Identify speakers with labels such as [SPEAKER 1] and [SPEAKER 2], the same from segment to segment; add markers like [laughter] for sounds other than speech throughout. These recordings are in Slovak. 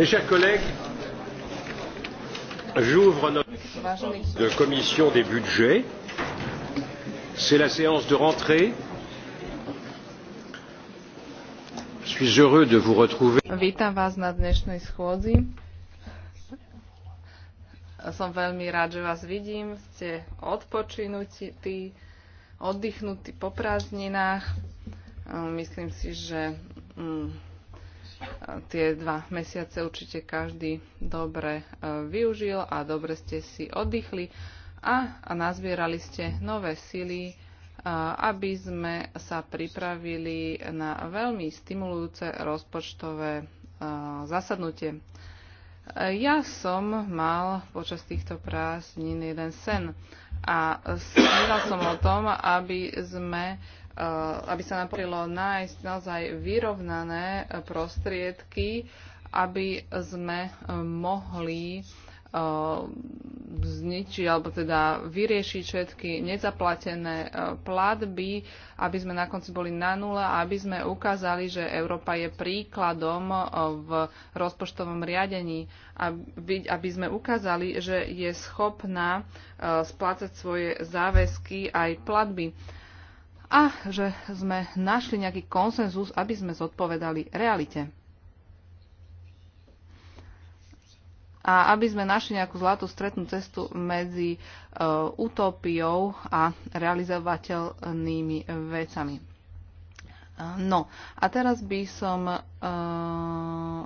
[SPEAKER 1] Mes chers collègues, j'ouvre
[SPEAKER 2] notre
[SPEAKER 1] commission des budgets. C'est la séance de rentrée. Je suis heureux de vous retrouver.
[SPEAKER 3] Vítam vás na dnešnej schôdzi. Som veľmi rád, že vás vidím. Ste odpočinutí, oddychnutí po prázdninách. Myslím si, že mm, tie dva mesiace určite každý dobre e, využil a dobre ste si oddychli a, nazbierali ste nové sily, e, aby sme sa pripravili na veľmi stimulujúce rozpočtové e, zasadnutie. Ja som mal počas týchto prázdnin jeden sen a sníval som o tom, aby sme Eh, aby sa nám podarilo nájsť naozaj vyrovnané eh, prostriedky, aby sme eh, mohli zničiť alebo teda vyriešiť všetky nezaplatené platby, aby sme na konci boli na nule a aby sme ukázali, že Európa je príkladom v rozpočtovom riadení, aby, aby sme ukázali, že je schopná splácať svoje záväzky aj platby a že sme našli nejaký konsenzus, aby sme zodpovedali realite. A aby sme našli nejakú zlatú stretnú cestu medzi uh, utopiou a realizovateľnými vecami. Uh, no, a teraz by som uh,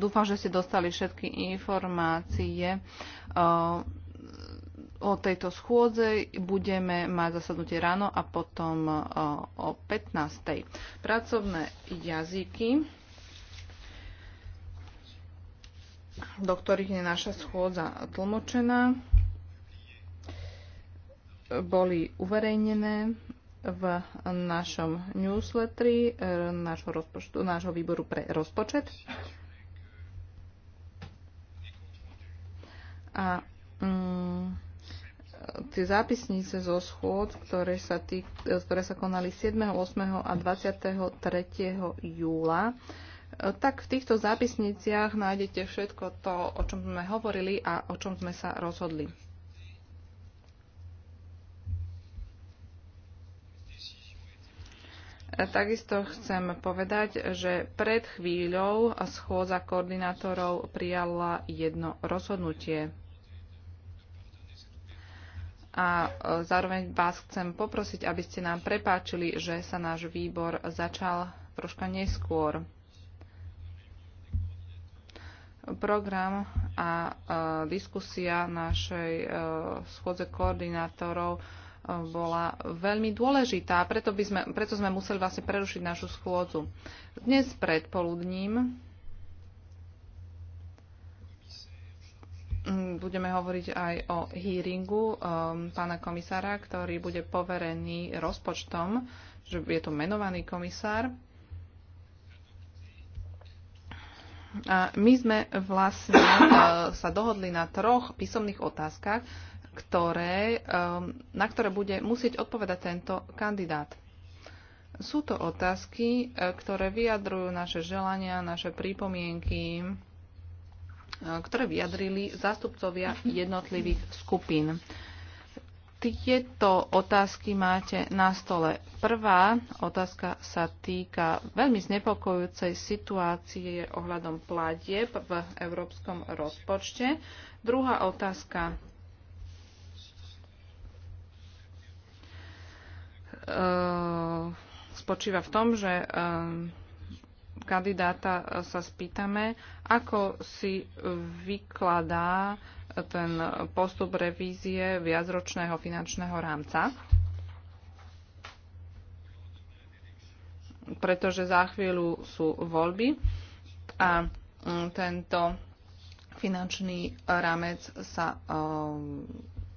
[SPEAKER 3] dúfam, že ste dostali všetky informácie o tejto schôdze budeme mať zasadnutie ráno a potom e, o 15. Pracovné jazyky, do ktorých je naša schôdza tlmočená, boli uverejnené v našom newsletteri e, nášho, rozpočtu, výboru pre rozpočet. A mm, tie zápisnice zo schôd, ktoré sa, tý, ktoré sa konali 7., 8. a 23. júla, e, tak v týchto zápisniciach nájdete všetko to, o čom sme hovorili a o čom sme sa rozhodli. E, takisto chcem povedať, že pred chvíľou schôdza koordinátorov prijala jedno rozhodnutie a e, zároveň vás chcem poprosiť, aby ste nám prepáčili, že sa náš výbor začal troška neskôr. Program a e, diskusia našej e, schôdze koordinátorov bola veľmi dôležitá, preto, by sme, preto sme museli vlastne prerušiť našu schôdzu. Dnes predpoludním Mm, budeme hovoriť aj o hearingu um, pána komisára, ktorý bude poverený rozpočtom, že je to menovaný komisár. A my sme vlastne uh, sa dohodli na troch písomných otázkach, ktoré, um, na ktoré bude musieť odpovedať tento kandidát. Sú to otázky, uh, ktoré vyjadrujú naše želania, naše prípomienky, ktoré vyjadrili zástupcovia jednotlivých skupín. Tieto otázky máte na stole. Prvá otázka sa týka veľmi znepokojúcej situácie ohľadom pladieb v európskom rozpočte. Druhá otázka e, spočíva v tom, že kandidáta e, sa spýtame, ako si vykladá e, ten postup revízie viacročného finančného rámca. pretože za chvíľu sú voľby a tento finančný rámec sa e,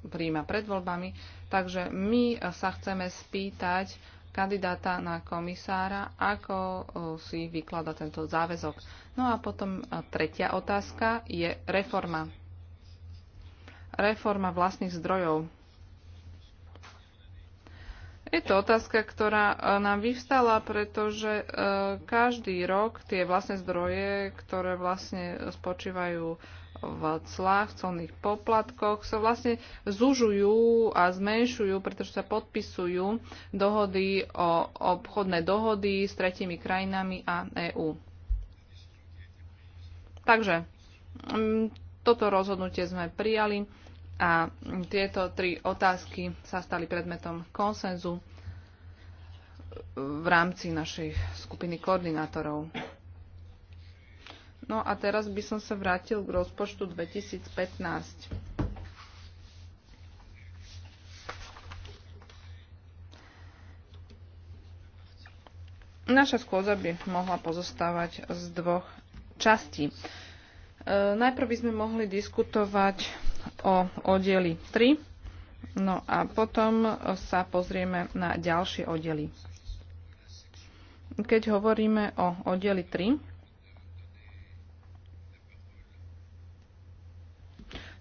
[SPEAKER 3] príjma pred voľbami. Takže my sa chceme spýtať, kandidáta na komisára, ako si vyklada tento záväzok. No a potom tretia otázka je reforma. Reforma vlastných zdrojov. Je to otázka, ktorá e, nám vyvstala, pretože e, každý rok tie vlastné zdroje, ktoré vlastne spočívajú v clách, colných poplatkoch sa vlastne zužujú a zmenšujú, pretože sa podpisujú dohody o obchodné dohody s tretimi krajinami a EÚ. Takže mm, toto rozhodnutie sme prijali a tieto tri otázky sa stali predmetom konsenzu v rámci našej skupiny koordinátorov. No a teraz by som sa vrátil k rozpočtu 2015. Naša skôza by mohla pozostávať z dvoch častí. E, najprv by sme mohli diskutovať o oddeli 3, no a potom sa pozrieme na ďalšie oddely. Keď hovoríme o oddeli 3,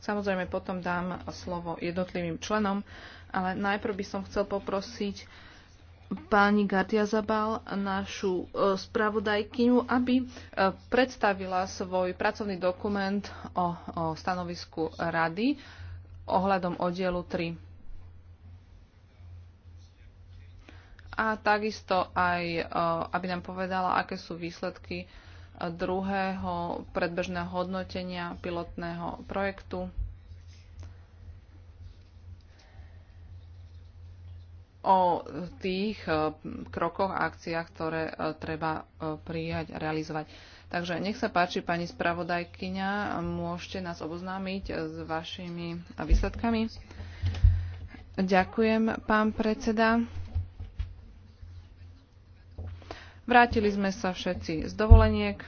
[SPEAKER 3] Samozrejme potom dám slovo jednotlivým členom, ale najprv by som chcel poprosiť pani Gardia Zabal, našu e, spravodajkyňu, aby e, predstavila svoj pracovný dokument o, o stanovisku rady ohľadom oddielu 3. A takisto aj, e, aby nám povedala, aké sú výsledky druhého predbežného hodnotenia pilotného projektu. o tých e, krokoch a akciách, ktoré e, treba e, prijať a realizovať. Takže nech sa páči, pani spravodajkyňa, môžete nás oboznámiť s vašimi výsledkami. Ďakujem, pán predseda. Vrátili sme sa všetci z dovoleniek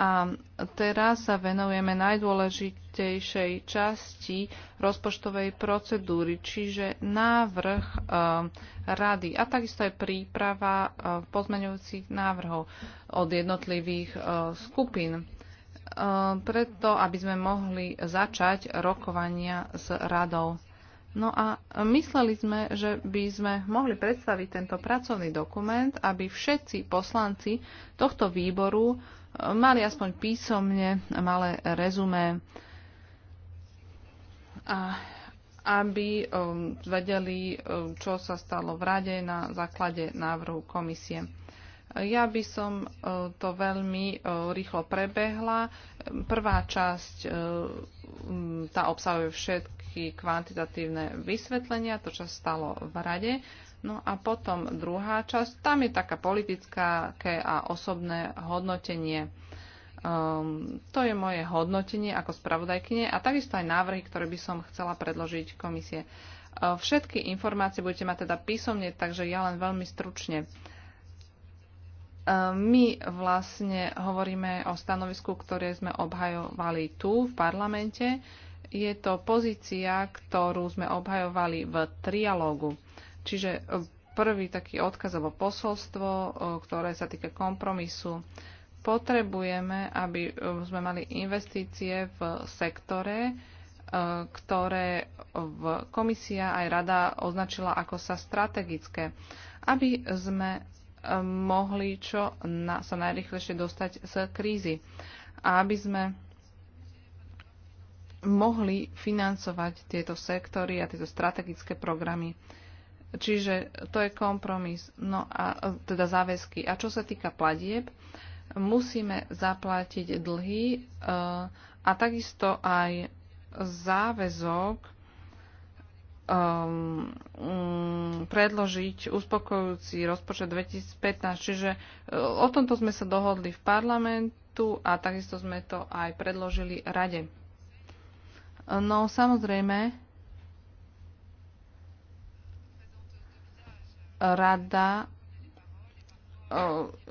[SPEAKER 3] a teraz sa venujeme najdôležitejšej časti rozpočtovej procedúry, čiže návrh e, rady a takisto aj príprava e, pozmeňujúcich návrhov od jednotlivých e, skupín. E, preto, aby sme mohli začať rokovania s radou. No a mysleli sme, že by sme mohli predstaviť tento pracovný dokument, aby všetci poslanci tohto výboru e, mali aspoň písomne malé rezumé a aby e, vedeli, e, čo sa stalo v rade na základe návrhu komisie. Ja by som to veľmi rýchlo prebehla. Prvá časť, tá obsahuje všetky všetky kvantitatívne vysvetlenia, to, čo stalo v rade. No a potom druhá časť, tam je taká politická a osobné hodnotenie. Um, to je moje hodnotenie ako spravodajkyne a takisto aj návrhy, ktoré by som chcela predložiť komisie. Ehm, všetky informácie budete mať teda písomne, takže ja len veľmi stručne. Ehm, my vlastne hovoríme o stanovisku, ktoré sme obhajovali tu v parlamente je to pozícia, ktorú sme obhajovali v trialógu. Čiže e, prvý taký odkaz alebo posolstvo, e, ktoré sa týka kompromisu. Potrebujeme, aby e, sme mali investície v sektore, ktoré v komisia aj rada označila ako sa strategické, aby sme mohli čo na, sa najrychlejšie dostať z krízy a aby sme mohli financovať tieto sektory a tieto strategické programy. Čiže to je kompromis, no a teda záväzky. A čo sa týka platieb, musíme zaplatiť dlhy e, a takisto aj záväzok ehm, predložiť uspokojujúci rozpočet 2015. Čiže e, o tomto sme sa dohodli v parlamentu a takisto sme to aj predložili rade. No samozrejme, rada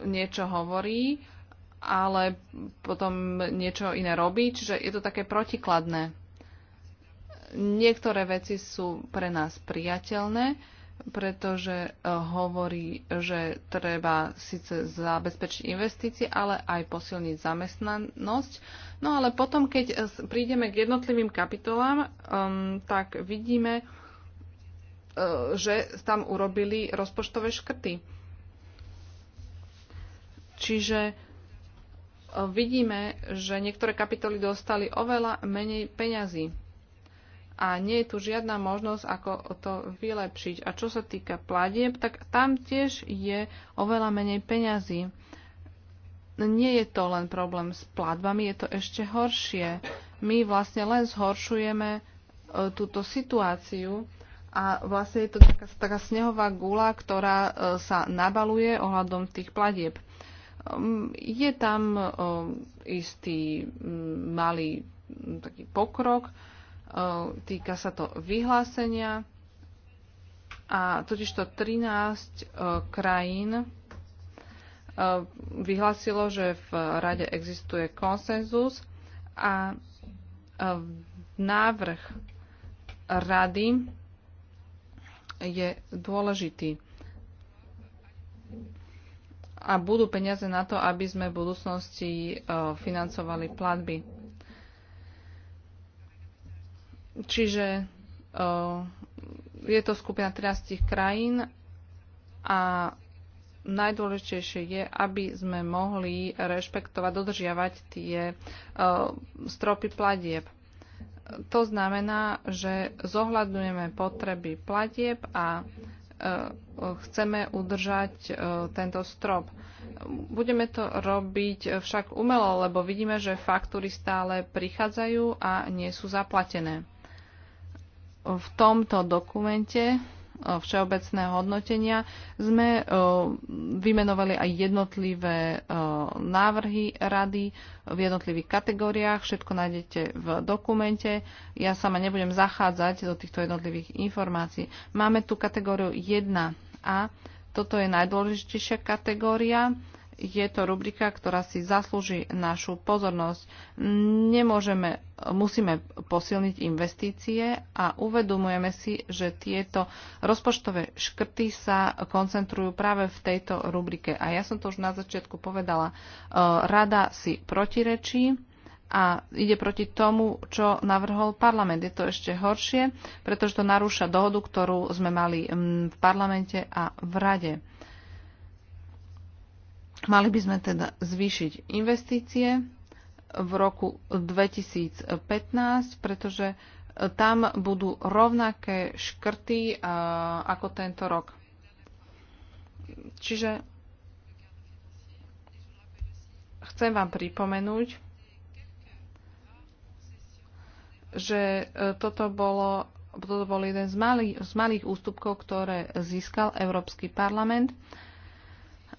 [SPEAKER 3] niečo hovorí, ale potom niečo iné robí, čiže je to také protikladné. Niektoré veci sú pre nás priateľné, pretože eh, hovorí, že treba síce zabezpečiť investície, ale aj posilniť zamestnanosť. No ale potom, keď eh, prídeme k jednotlivým kapitolám, um, tak vidíme, uh, že tam urobili rozpočtové škrty. Čiže uh, vidíme, že niektoré kapitoly dostali oveľa menej peňazí a nie je tu žiadna možnosť, ako to vylepšiť. A čo sa týka platieb, tak tam tiež je oveľa menej peňazí. Nie je to len problém s platbami, je to ešte horšie. My vlastne len zhoršujeme e, túto situáciu a vlastne je to taká, taká snehová gula, ktorá e, sa nabaluje ohľadom tých platieb. Je tam e, istý malý taký pokrok, Týka sa to vyhlásenia a totižto 13 krajín vyhlásilo, že v rade existuje konsenzus a návrh rady je dôležitý. A budú peniaze na to, aby sme v budúcnosti financovali platby. Čiže je to skupina 13 krajín a najdôležitejšie je, aby sme mohli rešpektovať, dodržiavať tie stropy platieb. To znamená, že zohľadňujeme potreby platieb a chceme udržať tento strop. Budeme to robiť však umelo, lebo vidíme, že faktúry stále prichádzajú a nie sú zaplatené v tomto dokumente e, všeobecného hodnotenia sme e, vymenovali aj jednotlivé e, návrhy rady v jednotlivých kategóriách. Všetko nájdete v dokumente. Ja sama nebudem zachádzať do týchto jednotlivých informácií. Máme tu kategóriu 1a. Toto je najdôležitejšia kategória je to rubrika, ktorá si zaslúži našu pozornosť. Nemôžeme, musíme posilniť investície a uvedomujeme si, že tieto rozpočtové škrty sa koncentrujú práve v tejto rubrike. A ja som to už na začiatku povedala, e, rada si protirečí a ide proti tomu, čo navrhol parlament. Je to ešte horšie, pretože to narúša dohodu, ktorú sme mali v parlamente a v rade Mali by sme teda zvýšiť investície v roku 2015, pretože e, tam budú rovnaké škrty e, ako tento rok. Čiže chcem vám pripomenúť, že e, toto, bolo, toto bol jeden z malých, z malých ústupkov, ktoré získal Európsky parlament. Uh,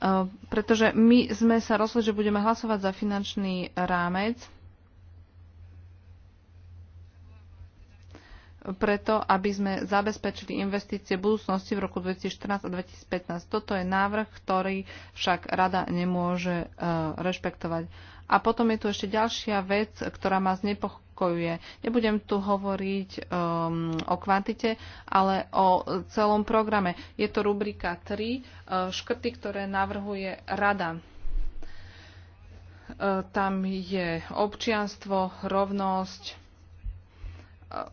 [SPEAKER 3] Uh, pretože my sme sa rozhodli, že budeme hlasovať za finančný rámec preto, aby sme zabezpečili investície budúcnosti v roku 2014 a 2015. Toto je návrh, ktorý však rada nemôže uh, rešpektovať. A potom je tu ešte ďalšia vec, ktorá ma znepo- znepokojuje. Nebudem tu hovoriť um, o kvantite, ale o celom programe. Je to rubrika 3, uh, škrty, ktoré navrhuje rada. Uh, tam je občianstvo, rovnosť, uh,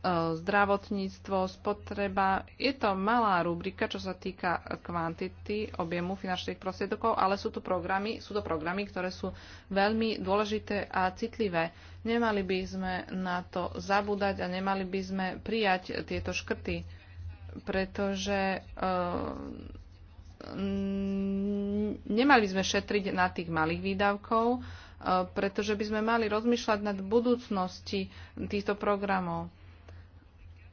[SPEAKER 3] E, zdravotníctvo, spotreba. Je to malá rubrika, čo sa týka kvantity, objemu finančných prostriedkov, ale sú, tu programy, sú to programy, ktoré sú veľmi dôležité a citlivé. Nemali by sme na to zabúdať a nemali by sme prijať tieto škrty, pretože e, nemali by sme šetriť na tých malých výdavkov, e, pretože by sme mali rozmýšľať nad budúcnosti týchto programov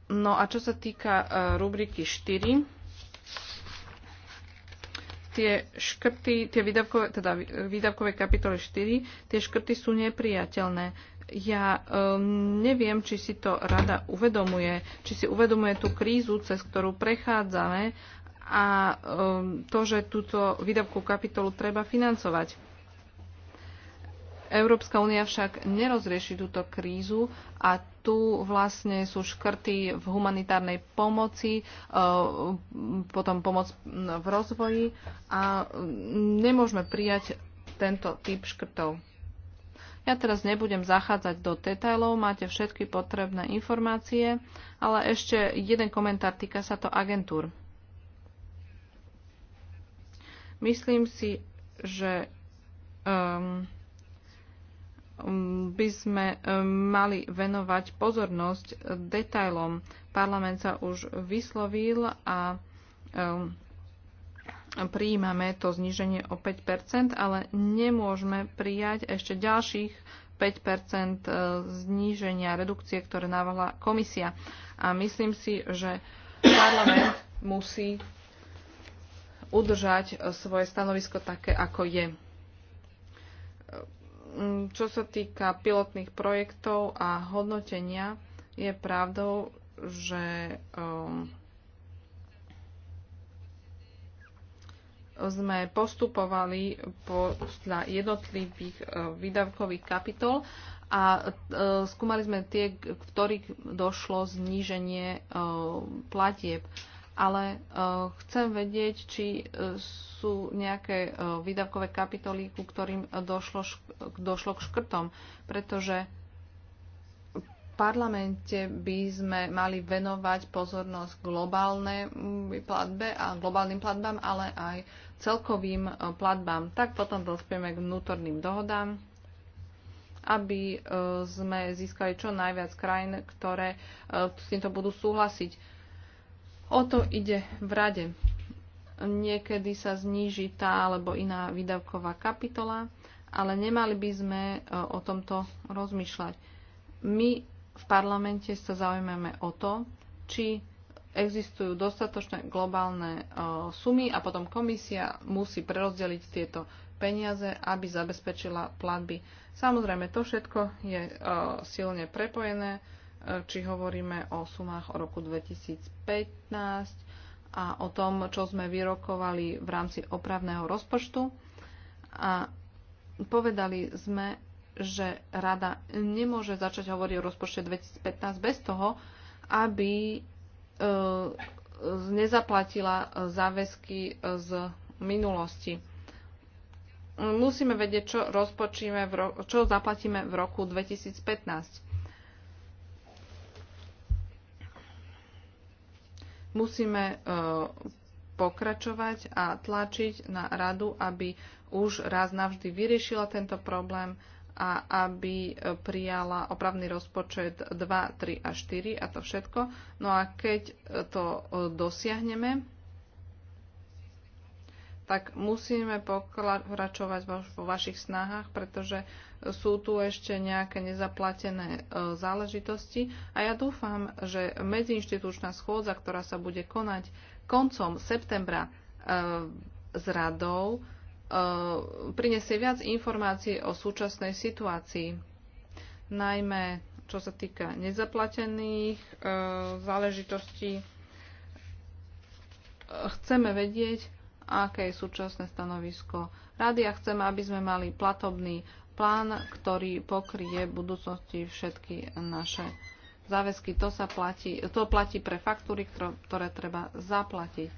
[SPEAKER 3] No a čo sa týka e, rubriky 4, tie škrty, tie výdavkové, teda výdavkové kapitoly 4, tie škrty sú nepriateľné. Ja um, neviem, či si to rada uvedomuje, či si uvedomuje tú krízu, cez ktorú prechádzame a um, to, že túto výdavkovú kapitolu treba financovať. Európska únia však nerozrieši túto krízu a tu vlastne sú škrty v humanitárnej pomoci, e, potom pomoc v rozvoji a nemôžeme prijať tento typ škrtov. Ja teraz nebudem zachádzať do detailov, máte všetky potrebné informácie, ale ešte jeden komentár týka sa to agentúr. Myslím si, že um, Um, by sme um, mali venovať pozornosť detailom. Parlament sa už vyslovil a um, prijímame to zníženie o 5 ale nemôžeme prijať ešte ďalších 5 uh, zníženia redukcie, ktoré navrhla komisia. A myslím si, že parlament musí udržať svoje stanovisko také, ako je. Mm, čo sa týka pilotných projektov a hodnotenia, je pravdou, že um, sme postupovali podľa jednotlivých uh, výdavkových kapitol a uh, skúmali sme tie, v ktorých došlo zníženie uh, platieb. Ale chcem vedieť, či sú nejaké výdavkové kapitoly, ku ktorým došlo šk- došlo k škrtom, pretože v parlamente by sme mali venovať pozornosť globálnej platbe a globálnym platbám, ale aj celkovým e, platbám. Tak potom dospieme k vnútorným dohodám, aby e, sme získali čo najviac krajín, ktoré e, s týmto budú súhlasiť. O to ide v rade niekedy sa zníži tá alebo iná výdavková kapitola ale nemali by sme e, o tomto rozmýšľať. My v parlamente sa zaujímame o to, či existujú dostatočné globálne e, sumy a potom komisia musí prerozdeliť tieto peniaze, aby zabezpečila platby. Samozrejme, to všetko je e, silne prepojené, či hovoríme o sumách o roku 2015 a o tom, čo sme vyrokovali v rámci opravného rozpočtu. A Povedali sme, že rada nemôže začať hovoriť o rozpočte 2015 bez toho, aby e, nezaplatila e, záväzky e, z minulosti. Musíme vedieť, čo, v ro- čo zaplatíme v roku 2015. Musíme pokračovať a tlačiť na radu, aby už raz navždy vyriešila tento problém a aby e, prijala opravný rozpočet 2, 3 a 4 a to všetko. No a keď e, to e, dosiahneme, tak musíme pokračovať vo vašich snahách, pretože sú tu ešte nejaké nezaplatené záležitosti a ja dúfam, že medziinštitučná schôdza, ktorá sa bude konať koncom septembra s radou, Eh, prinesie viac informácií o súčasnej situácii, najmä čo sa týka nezaplatených e, záležitostí. Chceme vedieť, aké je súčasné stanovisko rady a chceme, aby sme mali platobný plán, ktorý pokrie v budúcnosti všetky naše záväzky. To, sa platí, to platí pre faktúry, ktoré, ktoré treba zaplatiť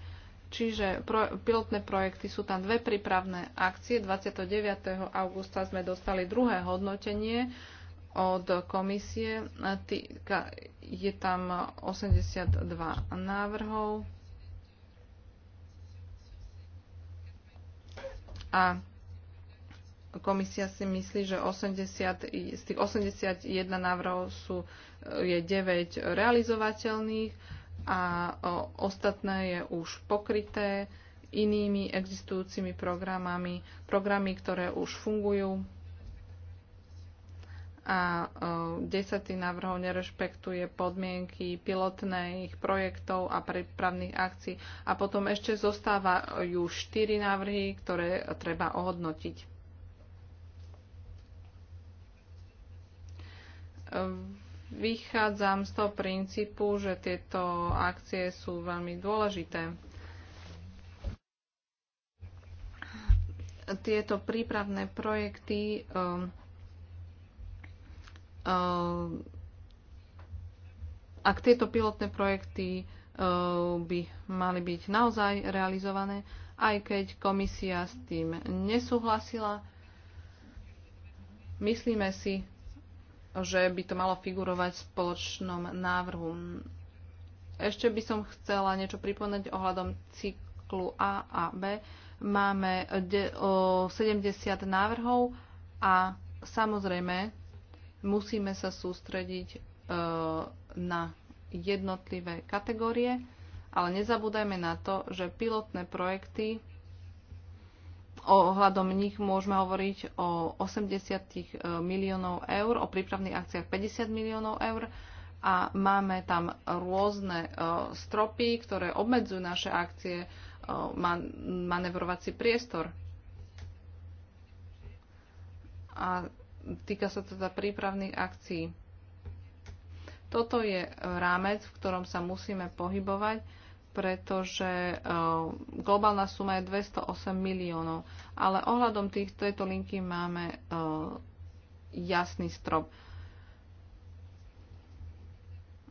[SPEAKER 3] Čiže pro, pilotné projekty sú tam dve prípravné akcie. 29. augusta sme dostali druhé hodnotenie od komisie. Týka, je tam 82 návrhov. A komisia si myslí, že 80, z tých 81 návrhov sú, je 9 realizovateľných a ostatné je už pokryté inými existujúcimi programami, programy, ktoré už fungujú a desatý návrhov nerešpektuje podmienky pilotných projektov a prípravných akcií. A potom ešte zostávajú štyri návrhy, ktoré treba ohodnotiť. Vychádzam z toho princípu, že tieto akcie sú veľmi dôležité. Tieto prípravné projekty um, um, ak tieto pilotné projekty um, by mali byť naozaj realizované, aj keď komisia s tým nesúhlasila. Myslíme si že by to malo figurovať v spoločnom návrhu. Ešte by som chcela niečo pripomenúť ohľadom cyklu A a B. Máme 70 návrhov a samozrejme musíme sa sústrediť e, na jednotlivé kategórie, ale nezabúdajme na to, že pilotné projekty Ohľadom nich môžeme hovoriť o 80 eh, miliónov eur, o prípravných akciách 50 miliónov eur a máme tam rôzne eh, stropy, ktoré obmedzujú naše akcie, eh, manevrovací priestor. A týka sa teda prípravných akcií. Toto je rámec, v ktorom sa musíme pohybovať pretože eh, globálna suma je 208 miliónov. Ale ohľadom tých, tejto linky máme eh, jasný strop.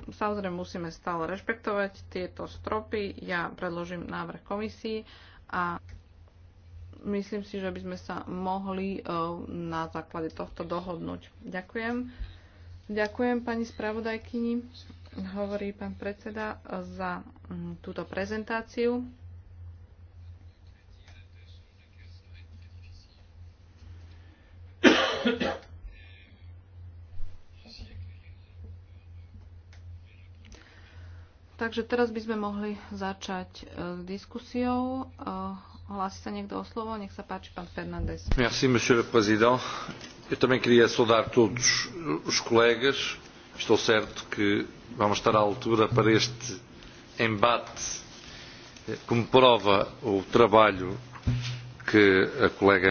[SPEAKER 3] Samozrejme musíme stále rešpektovať tieto stropy. Ja predložím návrh komisii a myslím si, že by sme sa mohli eh, na základe tohto dohodnúť. Ďakujem. Ďakujem pani spravodajkyni hovorí pán predseda, za mm, túto prezentáciu. Takže teraz by sme mohli začať s e, diskusiou. E, hlási sa niekto o slovo? Nech sa páči, pán Fernández.
[SPEAKER 1] Merci, monsieur le président. Eu também queria saudar todos
[SPEAKER 4] os colegas Estou certo que vamos estar à altura para este
[SPEAKER 1] embate, como prova o trabalho que a colega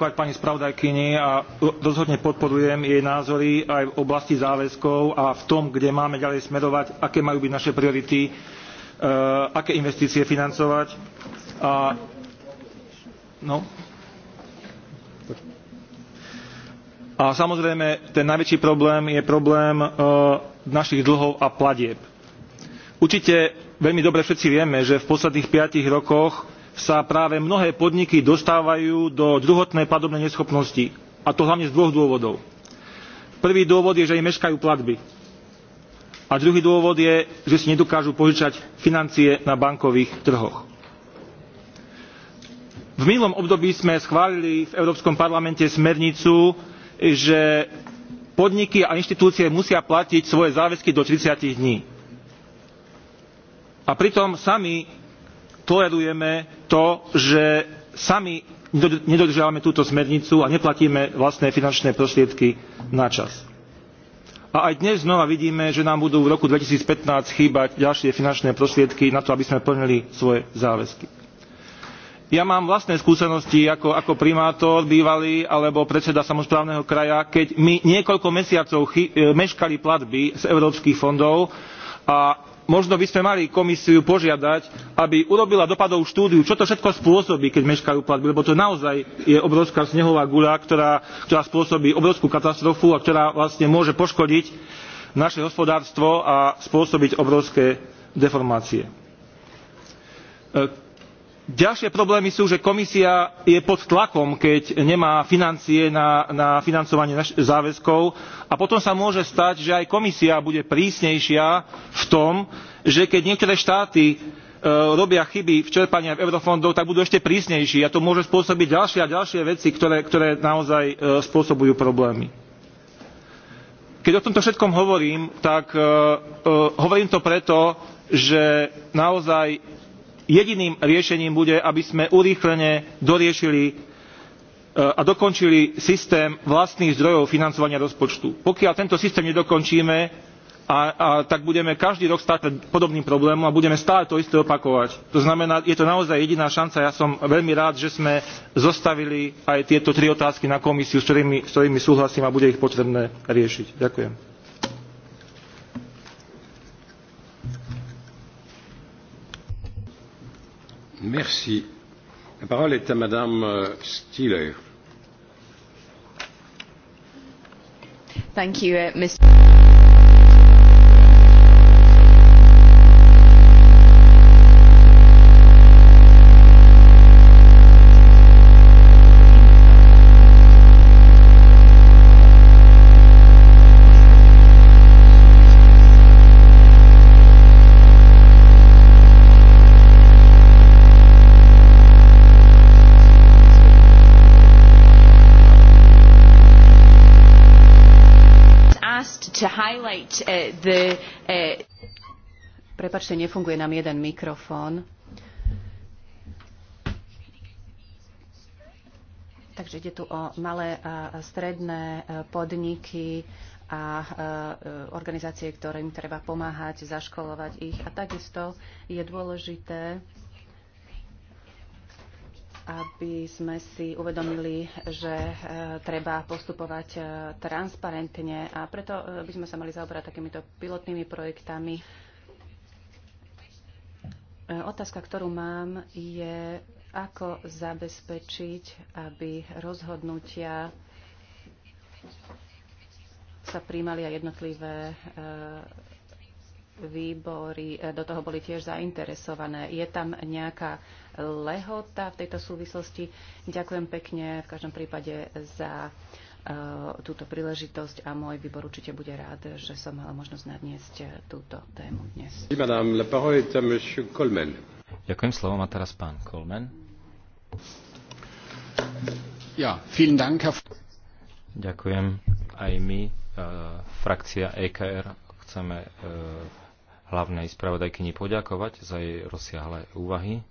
[SPEAKER 5] poďakovať pani spravodajkyni a rozhodne podporujem jej názory aj v oblasti záväzkov a v tom, kde máme ďalej smerovať, aké majú byť naše priority, e, aké investície financovať. A... No. A samozrejme, ten najväčší problém je problém e, našich dlhov a platieb. Určite veľmi dobre všetci vieme, že v posledných piatich rokoch sa práve mnohé podniky dostávajú do druhotnej platobnej neschopnosti. A to hlavne z dvoch dôvodov. Prvý dôvod je, že im meškajú platby. A druhý dôvod je, že si nedokážu požičať financie na bankových trhoch. V minulom období sme schválili v Európskom parlamente smernicu, že podniky a inštitúcie musia platiť svoje záväzky do 30 dní. A pritom sami tolerujeme to, že sami nedodržiavame túto smernicu a neplatíme vlastné finančné prostriedky na čas. A aj dnes znova vidíme, že nám budú v roku 2015 chýbať ďalšie finančné prostriedky na to, aby sme plnili svoje záväzky. Ja mám vlastné skúsenosti ako, ako primátor bývalý alebo predseda samozprávneho kraja, keď mi niekoľko mesiacov chy, meškali platby z európskych fondov a možno by sme mali komisiu požiadať aby urobila dopadovú štúdiu čo to všetko spôsobí keď meškajú platby lebo to naozaj je obrovská snehová guľa ktorá, ktorá spôsobí obrovskú katastrofu a ktorá vlastne môže poškodiť naše hospodárstvo a spôsobiť obrovské deformácie. E, ďalšie problémy sú že komisia je pod tlakom keď nemá financie na, na financovanie záväzkov a potom sa môže stať že aj komisia bude prísnejšia v tom že keď niektoré štáty e, robia chyby v čerpaní eurofondov tak budú ešte prísnejší a to môže spôsobiť ďalšie a ďalšie veci ktoré, ktoré naozaj e, spôsobujú problémy. keď o tomto všetkom hovorím tak e, e hovorím to preto že naozaj jediným riešením bude aby sme urýchlene doriešili e, a dokončili systém vlastných zdrojov financovania rozpočtu. pokiaľ tento systém nedokončíme a, a tak budeme každý rok stáť pred podobným problémom a budeme stále to isté opakovať. To znamená, je to naozaj jediná šanca. Ja som veľmi rád, že sme zostavili aj tieto tri otázky na komisiu, s ktorými, s ktorými súhlasím a bude ich potrebné riešiť. Ďakujem.
[SPEAKER 1] Merci. La parole est à Madame euh, Stiller. Thank you, uh, Mr.
[SPEAKER 2] highlight eh, eh, nefunguje nám jeden mikrofón. Takže ide tu o malé a stredné eh, podniky a organizácie, ktorým treba pomáhať, zaškolovať ich. A takisto je dôležité aby sme si uvedomili, že e, treba postupovať e, transparentne a preto e, by sme sa mali zaoberať takýmito pilotnými projektami. Otázka, ktorú mám, je, ako zabezpečiť, aby rozhodnutia sa príjmali aj jednotlivé výbory do toho boli tiež zainteresované. Je tam nejaká lehota v tejto súvislosti. Ďakujem pekne v každom prípade za e, túto príležitosť a môj výbor určite bude rád, že som mala možnosť nadniesť e, túto tému dnes.
[SPEAKER 1] Ďakujem slovo,
[SPEAKER 4] má teraz pán Kolmen. Ďakujem. Aj my, e, frakcia EKR, chceme hlavnej spravodajkyni poďakovať za jej rozsiahle úvahy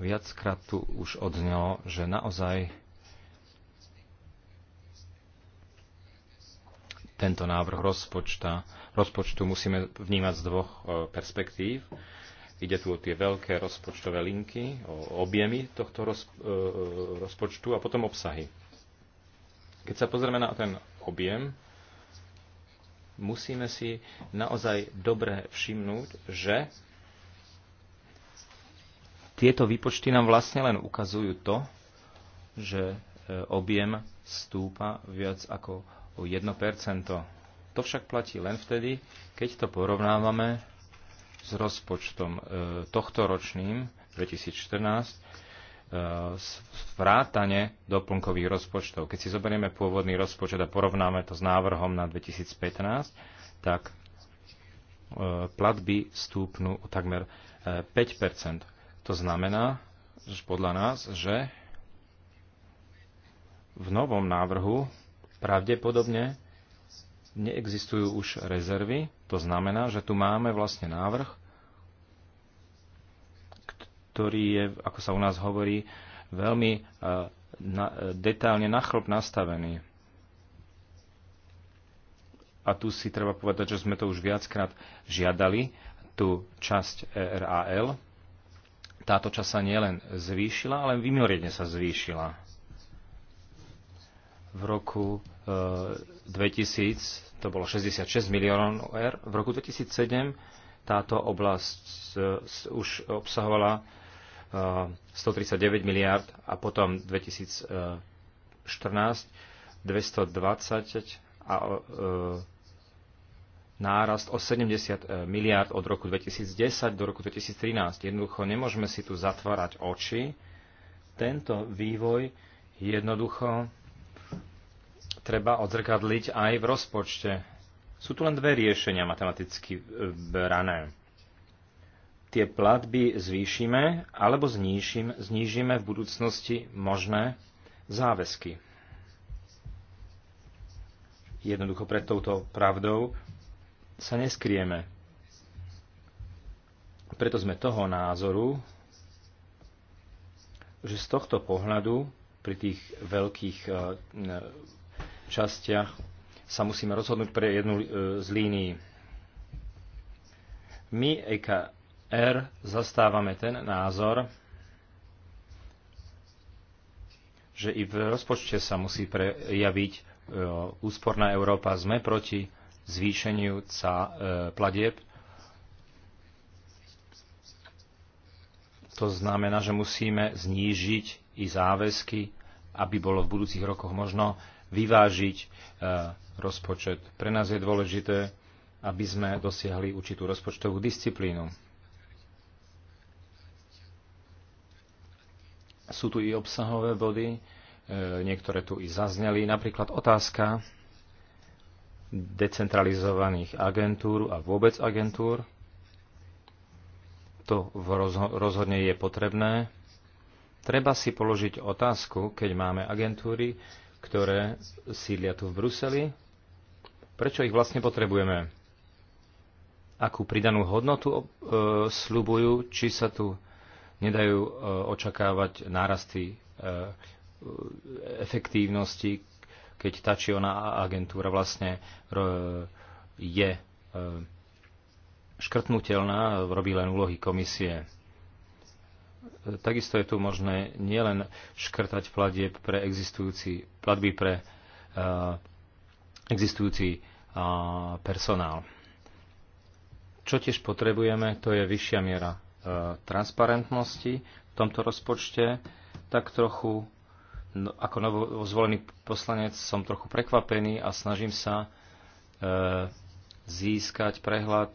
[SPEAKER 4] Viackrát tu už odznelo, že naozaj tento návrh rozpočta, rozpočtu musíme vnímať z dvoch e, perspektív. Ide tu o tie veľké rozpočtové linky, o objemy tohto e, e, rozpočtu a potom obsahy. Keď sa pozrieme na ten objem, musíme si naozaj dobre všimnúť, že tieto výpočty nám vlastne len ukazujú to, že e, objem stúpa viac ako o 1%. To však platí len vtedy, keď to porovnávame s rozpočtom e, tohto ročným 2014 e, vrátane doplnkových rozpočtov. Keď si zoberieme pôvodný rozpočet a porovnáme to s návrhom na 2015, tak platby stúpnú o takmer 5 to znamená, že podľa nás, že v novom návrhu pravdepodobne neexistujú už rezervy. To znamená, že tu máme vlastne návrh, ktorý je, ako sa u nás hovorí, veľmi e, e, detálne chlop nastavený. A tu si treba povedať, že sme to už viackrát žiadali, tú časť RAL, táto časa nielen zvýšila, ale vymoriedne sa zvýšila. V roku 2000 e, to bolo 66 miliónov eur, v roku 2007 táto oblasť e, už obsahovala 139 e, miliard a potom 2014 220 a nárast o 70 e, miliard od roku 2010 do roku 2013. Jednoducho nemôžeme si tu zatvárať oči. Tento vývoj jednoducho treba odzrkadliť aj v rozpočte. Sú tu len dve riešenia matematicky e, brané. Tie platby zvýšime alebo znížim, znížime v budúcnosti možné záväzky. Jednoducho pred touto pravdou sa neskrieme. Preto sme toho názoru, že z tohto pohľadu pri tých veľkých e, častiach sa musíme rozhodnúť pre jednu e, z línií. My, EKR, zastávame ten názor, že i v rozpočte sa musí prejaviť e, úsporná Európa. Sme proti zvýšeniu sa e, platieb. To znamená, že musíme znížiť i záväzky, aby bolo v budúcich rokoch možno vyvážiť e, rozpočet. Pre nás je dôležité, aby sme dosiahli určitú rozpočtovú disciplínu. Sú tu i obsahové body, e, niektoré tu i zazneli, napríklad otázka, decentralizovaných agentúr a vôbec agentúr. To rozhodne je potrebné. Treba si položiť otázku, keď máme agentúry, ktoré sídlia tu v Bruseli, prečo ich vlastne potrebujeme. Akú pridanú hodnotu e, slubujú, či sa tu nedajú e, očakávať nárasty e, e efektívnosti, keď tá či ona agentúra vlastne je e, škrtnutelná, robí len úlohy komisie. Takisto je tu možné nielen škrtať platieb pre existujúci, platby pre e, existujúci e, personál. Čo tiež potrebujeme, to je vyššia miera transparentnosti v tomto rozpočte, tak trochu no, ako novozvolený poslanec som trochu prekvapený a snažím sa e, získať prehľad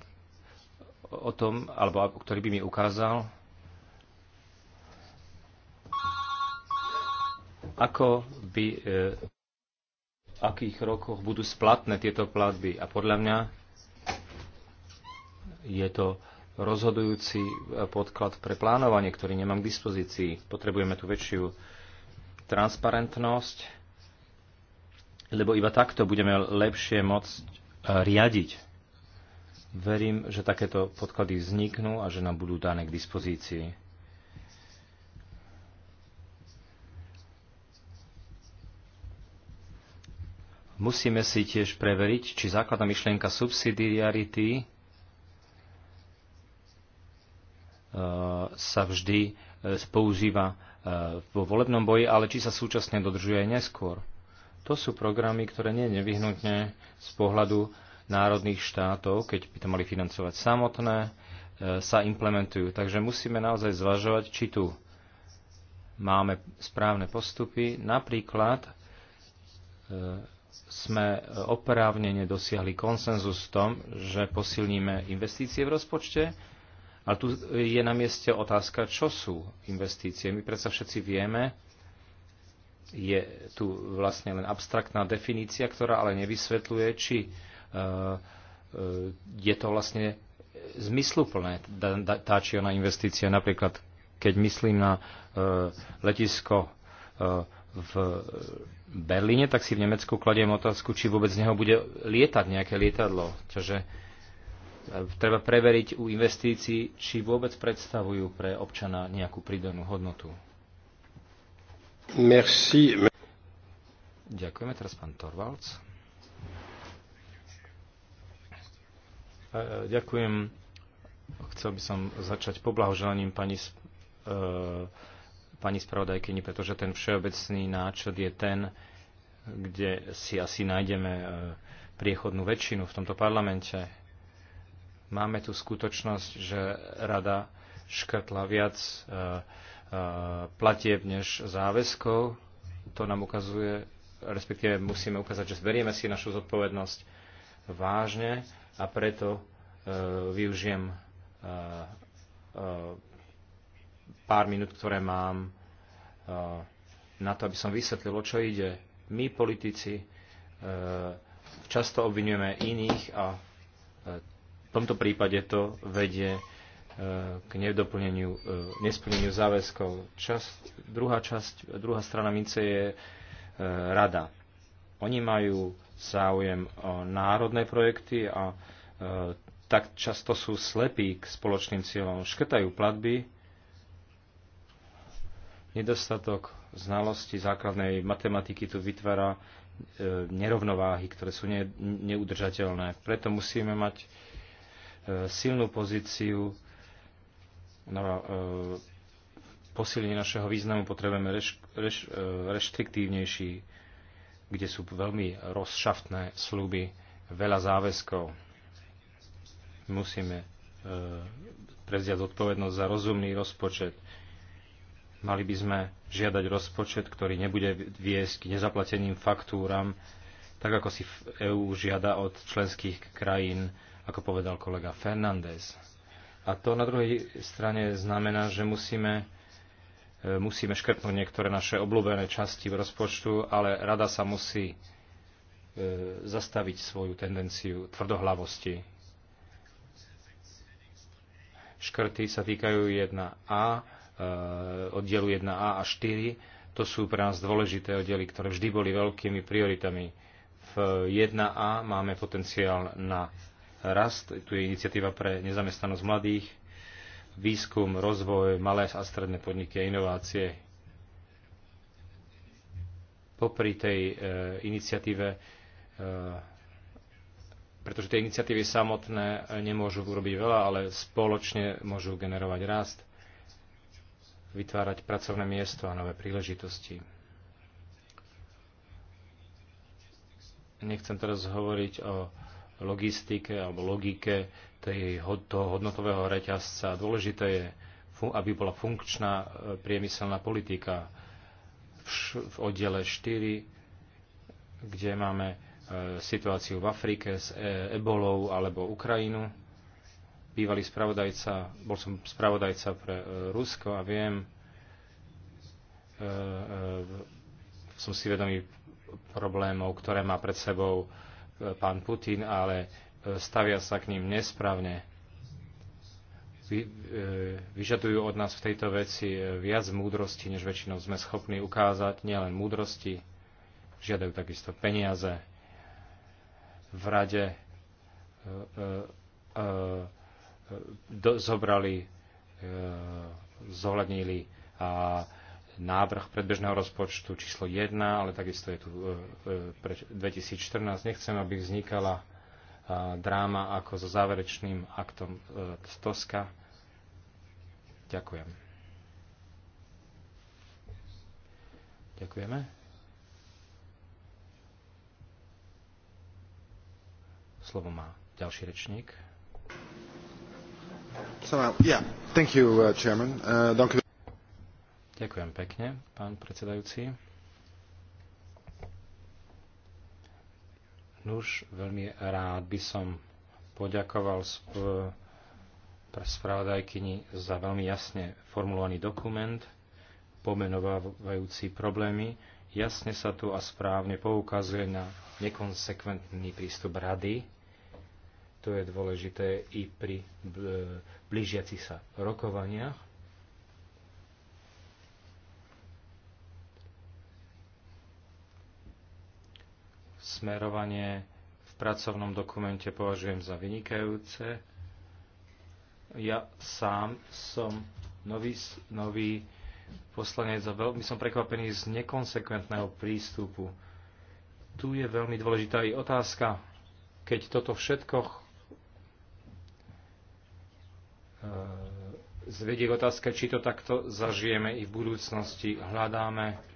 [SPEAKER 4] o tom, alebo ktorý by mi ukázal, ako by, e, v akých rokoch budú splatné tieto platby. A podľa mňa je to rozhodujúci e, podklad pre plánovanie, ktorý nemám k dispozícii. Potrebujeme tu väčšiu transparentnosť, lebo iba takto budeme lepšie môcť e, riadiť. Verím, že takéto podklady vzniknú a že nám budú dané k dispozícii. Musíme si tiež preveriť, či základná myšlienka subsidiarity e, sa vždy e, používa Eh, vo volebnom boji, ale či sa súčasne dodržuje aj neskôr. To sú programy, ktoré nie je nevyhnutne z pohľadu národných štátov, keď by to mali financovať samotné, eh, sa implementujú. Takže musíme naozaj zvažovať, či tu máme správne postupy. Napríklad eh, sme oprávnene dosiahli konsenzus v tom, že posilníme investície v rozpočte, a tu je na mieste otázka, čo sú investície. My predsa všetci vieme, je tu vlastne len abstraktná definícia, ktorá ale nevysvetľuje, či e, e, je to vlastne zmysluplné, tá či ona investícia. Napríklad, keď myslím na e, letisko v Berlíne, tak si v Nemecku kladiem otázku, či vôbec z neho bude lietať nejaké lietadlo. Čiže Ehm, treba preveriť u investícií, či vôbec predstavujú pre občana nejakú pridanú hodnotu.
[SPEAKER 1] Merci. Ďakujeme teraz pán Torvalds.
[SPEAKER 4] E, e, ďakujem. Chcel by som začať poblahoželaním pani, e, pani spravodajkyni, pretože ten všeobecný náčrt je ten, kde si asi nájdeme priechodnú väčšinu v tomto parlamente Máme tu skutočnosť, že rada škrtla viac e, e, platieb než záväzkov. To nám ukazuje, respektíve musíme ukázať, že zberieme si našu zodpovednosť vážne a preto e, využijem pár minút, ktoré mám na to, aby som vysvetlil, o čo ide. My, politici, často obvinujeme iných a v tomto prípade to vedie e, k nedoplneniu, e, nesplneniu záväzkov. Časť, druhá, časť, druhá strana mince je e, rada. Oni majú záujem o národné projekty a tak často sú slepí k spoločným cieľom. Škrtajú platby, nedostatok znalosti základnej matematiky tu vytvára nerovnováhy, ktoré sú neudržateľné. Preto musíme mať silnú pozíciu na e, posilnenie našeho významu potrebujeme reš, reš, e, reštriktívnejší, kde sú veľmi rozšaftné sluby, veľa záväzkov. Musíme e, prevziať zodpovednosť za rozumný rozpočet. Mali by sme žiadať rozpočet, ktorý nebude viesť k nezaplateným faktúram, tak ako si EÚ žiada od členských krajín ako povedal kolega Fernández. A to na druhej strane znamená, že musíme, e, musíme škrtnúť niektoré naše obľúbené časti v rozpočtu, ale rada sa musí e, zastaviť svoju tendenciu tvrdohlavosti. Škrty sa týkajú 1A, e, oddielu 1A a 4. To sú pre nás dôležité oddiely, ktoré vždy boli veľkými prioritami. V 1A máme potenciál na rast, tu je iniciatíva pre nezamestnanosť mladých, výskum, rozvoj, malé a stredné podniky a inovácie. Popri tej e, iniciatíve, e, pretože tie iniciatívy samotné nemôžu urobiť veľa, ale spoločne môžu generovať rast, vytvárať pracovné miesto a nové príležitosti. Nechcem teraz hovoriť o logistike alebo logike tej, toho hodnotového reťazca. Dôležité je, aby bola funkčná e, priemyselná politika v oddele 4, kde máme e, situáciu v Afrike s e, ebolou alebo Ukrajinu. Bývalý spravodajca, bol som spravodajca pre Rusko a viem, som si vedomý problémov, ktoré má pred sebou pán Putin, ale e, stavia sa k ním nesprávne. Vy, e, vyžadujú od nás v tejto veci e, viac múdrosti, než väčšinou sme schopní ukázať, nielen múdrosti, žiadajú takisto peniaze. V rade do, zobrali, zohľadnili a návrh predbežného rozpočtu číslo 1, ale takisto je tu e, e, pre 2014. Nechcem, aby vznikala e, dráma ako so záverečným aktom z Toska. Ďakujem. Ďakujeme. Slovo má ďalší
[SPEAKER 1] rečník. So, yeah. Thank you, uh, Chairman. Uh,
[SPEAKER 4] Ďakujem pekne, pán predsedajúci. Nuž, veľmi rád by som poďakoval spravodajkyni za veľmi jasne formulovaný dokument, pomenovávajúci problémy. Jasne sa tu a správne poukazuje na nekonsekventný prístup rady. To je dôležité i pri e, blížiacich sa rokovaniach smerovanie v pracovnom dokumente považujem za vynikajúce. Ja sám som nový, nový poslanec a veľmi som prekvapený z nekonsekventného prístupu. Tu je veľmi dôležitá aj otázka, keď toto všetko eh, zvedie k otázke, či to takto zažijeme i v budúcnosti. Hľadáme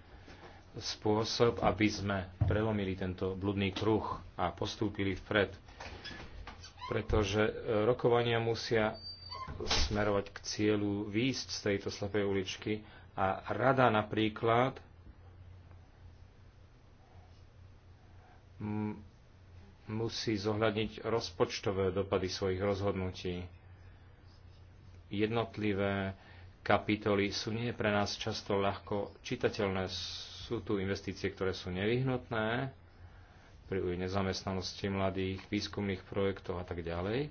[SPEAKER 4] spôsob, aby sme prelomili tento bludný kruh a postúpili vpred. Pretože e, rokovania musia smerovať k cieľu výjsť z tejto slepej uličky a rada napríklad musí zohľadniť rozpočtové dopady svojich rozhodnutí. Jednotlivé kapitoly sú nie pre nás často ľahko čitateľné sú tu investície, ktoré sú nevyhnutné pri nezamestnanosti mladých, výskumných projektov a tak ďalej.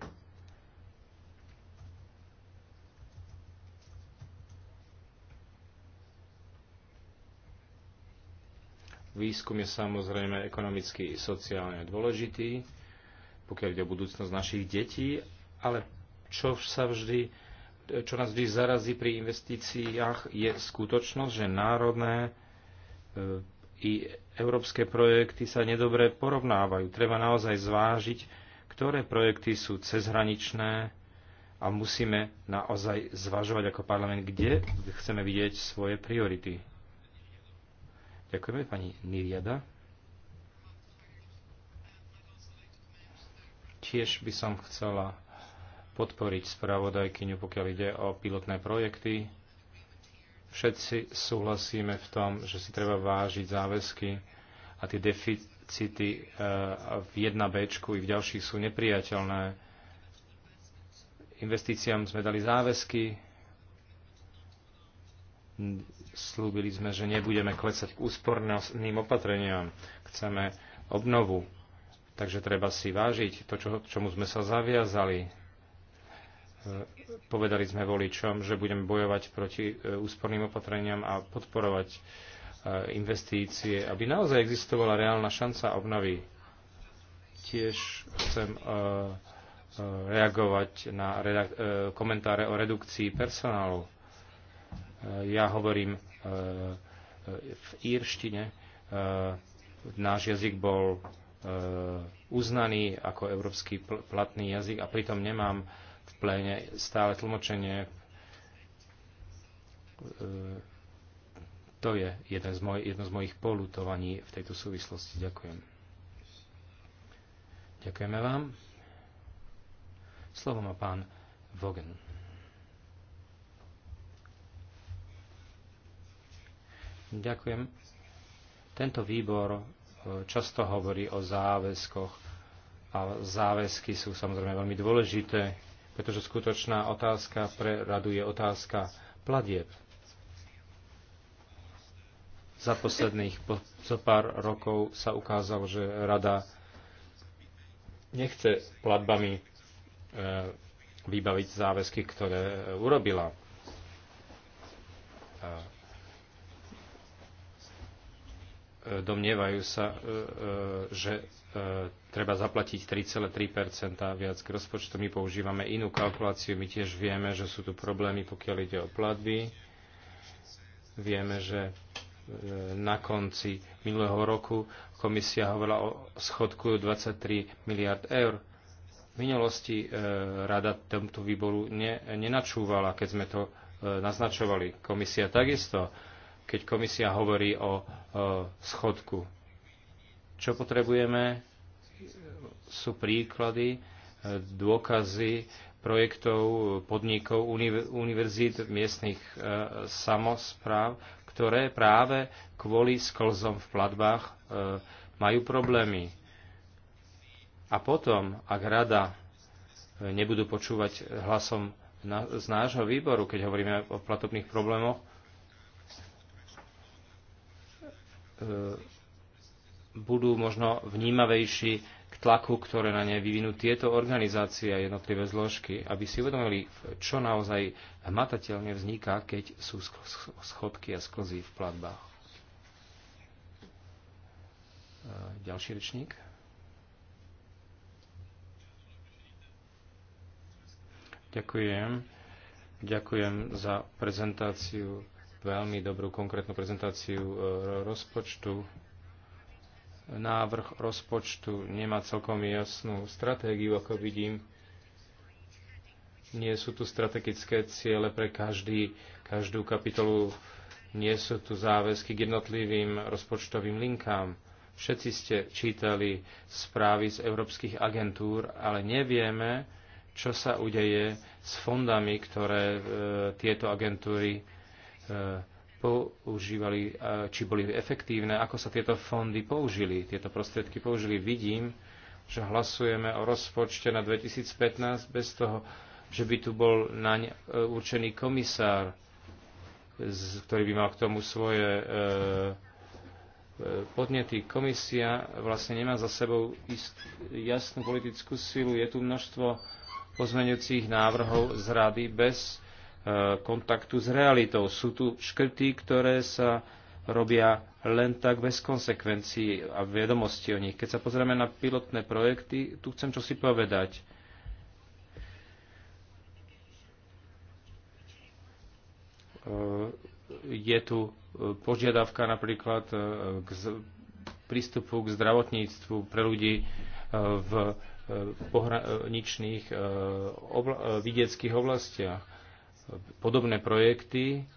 [SPEAKER 4] Výskum je samozrejme ekonomicky i sociálne dôležitý, pokiaľ ide o budúcnosť našich detí, ale čo sa vždy čo nás vždy zarazí pri investíciách, je skutočnosť, že národné E, i európske projekty sa nedobre porovnávajú. Treba naozaj zvážiť, ktoré projekty sú cezhraničné a musíme naozaj zvažovať ako parlament, kde chceme vidieť svoje priority. Ďakujeme pani Niriada. Tiež by som chcela podporiť spravodajkyňu, pokiaľ ide o pilotné projekty Všetci súhlasíme v tom, že si treba vážiť záväzky a tie deficity e, v 1B i v ďalších sú nepriateľné. Investíciám sme dali záväzky, slúbili sme, že nebudeme klesať k úsporným opatreniam. Chceme obnovu. Takže treba si vážiť to, čo, čomu sme sa zaviazali. E, Povedali sme voličom, že budeme bojovať proti e, úsporným opatreniam a podporovať e, investície, aby naozaj existovala reálna šanca obnovy. Tiež chcem e, reagovať na komentáre o redukcii personálu. Ja hovorím v írštine. Náš jazyk bol uznaný ako európsky platný jazyk a pritom nemám pléne stále tlmočenie. E, to je jeden z moj, jedno z mojich polutovaní v tejto súvislosti. Ďakujem. Ďakujeme vám. Slovo má pán Vogen. Ďakujem. Tento výbor e, často hovorí o záväzkoch a záväzky sú samozrejme veľmi dôležité pretože skutočná otázka pre radu je otázka platieb. Za posledných po, co pár rokov sa ukázalo, že rada nechce platbami e, vybaviť záväzky, ktoré e, urobila. E, domnievajú sa, e, e, že treba zaplatiť 3,3 viac k rozpočtu. My používame inú kalkuláciu, my tiež vieme, že sú tu problémy, pokiaľ ide o platby. Vieme, že e, na konci minulého roku komisia hovorila o schodku 23 miliard eur. V minulosti e, rada tomto výboru ne, nenačúvala, keď sme to e, naznačovali. Komisia takisto, keď komisia hovorí o schodku. Čo potrebujeme? sú príklady, e, dôkazy projektov, podnikov, univerzít, miestnych e, samospráv, ktoré práve kvôli sklzom v platbách e, majú problémy. A potom, ak rada nebudú počúvať hlasom z nášho výboru, keď hovoríme o platobných problémoch, budú možno vnímavejší k tlaku, ktoré na ne vyvinú tieto organizácie a jednotlivé zložky, aby si uvedomili, čo naozaj hmatateľne vzniká, keď sú schodky a sklzy v platbách. E, ďalší rečník. Ďakujem. Ďakujem za prezentáciu, veľmi dobrú konkrétnu prezentáciu e, rozpočtu návrh rozpočtu nemá celkom jasnú stratégiu, ako vidím. Nie sú tu strategické ciele pre každý, každú kapitolu, nie sú tu záväzky k jednotlivým rozpočtovým linkám. Všetci ste čítali správy z európskych agentúr, ale nevieme, čo sa udeje s fondami, ktoré e, tieto agentúry e, používali, či boli efektívne, ako sa tieto fondy použili, tieto prostriedky použili. Vidím, že hlasujeme o rozpočte na 2015 bez toho, že by tu bol naň e, určený komisár, ktorý by mal k tomu svoje e, e, podnety. Komisia vlastne nemá za sebou jasnú politickú silu. Je tu množstvo pozmeňujúcich návrhov z rady bez Eh, kontaktu s realitou. Sú tu škrty, ktoré sa robia len tak bez konsekvencií a vedomosti o nich. Keď sa pozrieme na pilotné projekty, tu chcem čo si povedať. Eh, je tu eh, požiadavka napríklad k prístupu k zdravotníctvu pre ľudí v pohraničných vidieckých oblastiach podobné projekty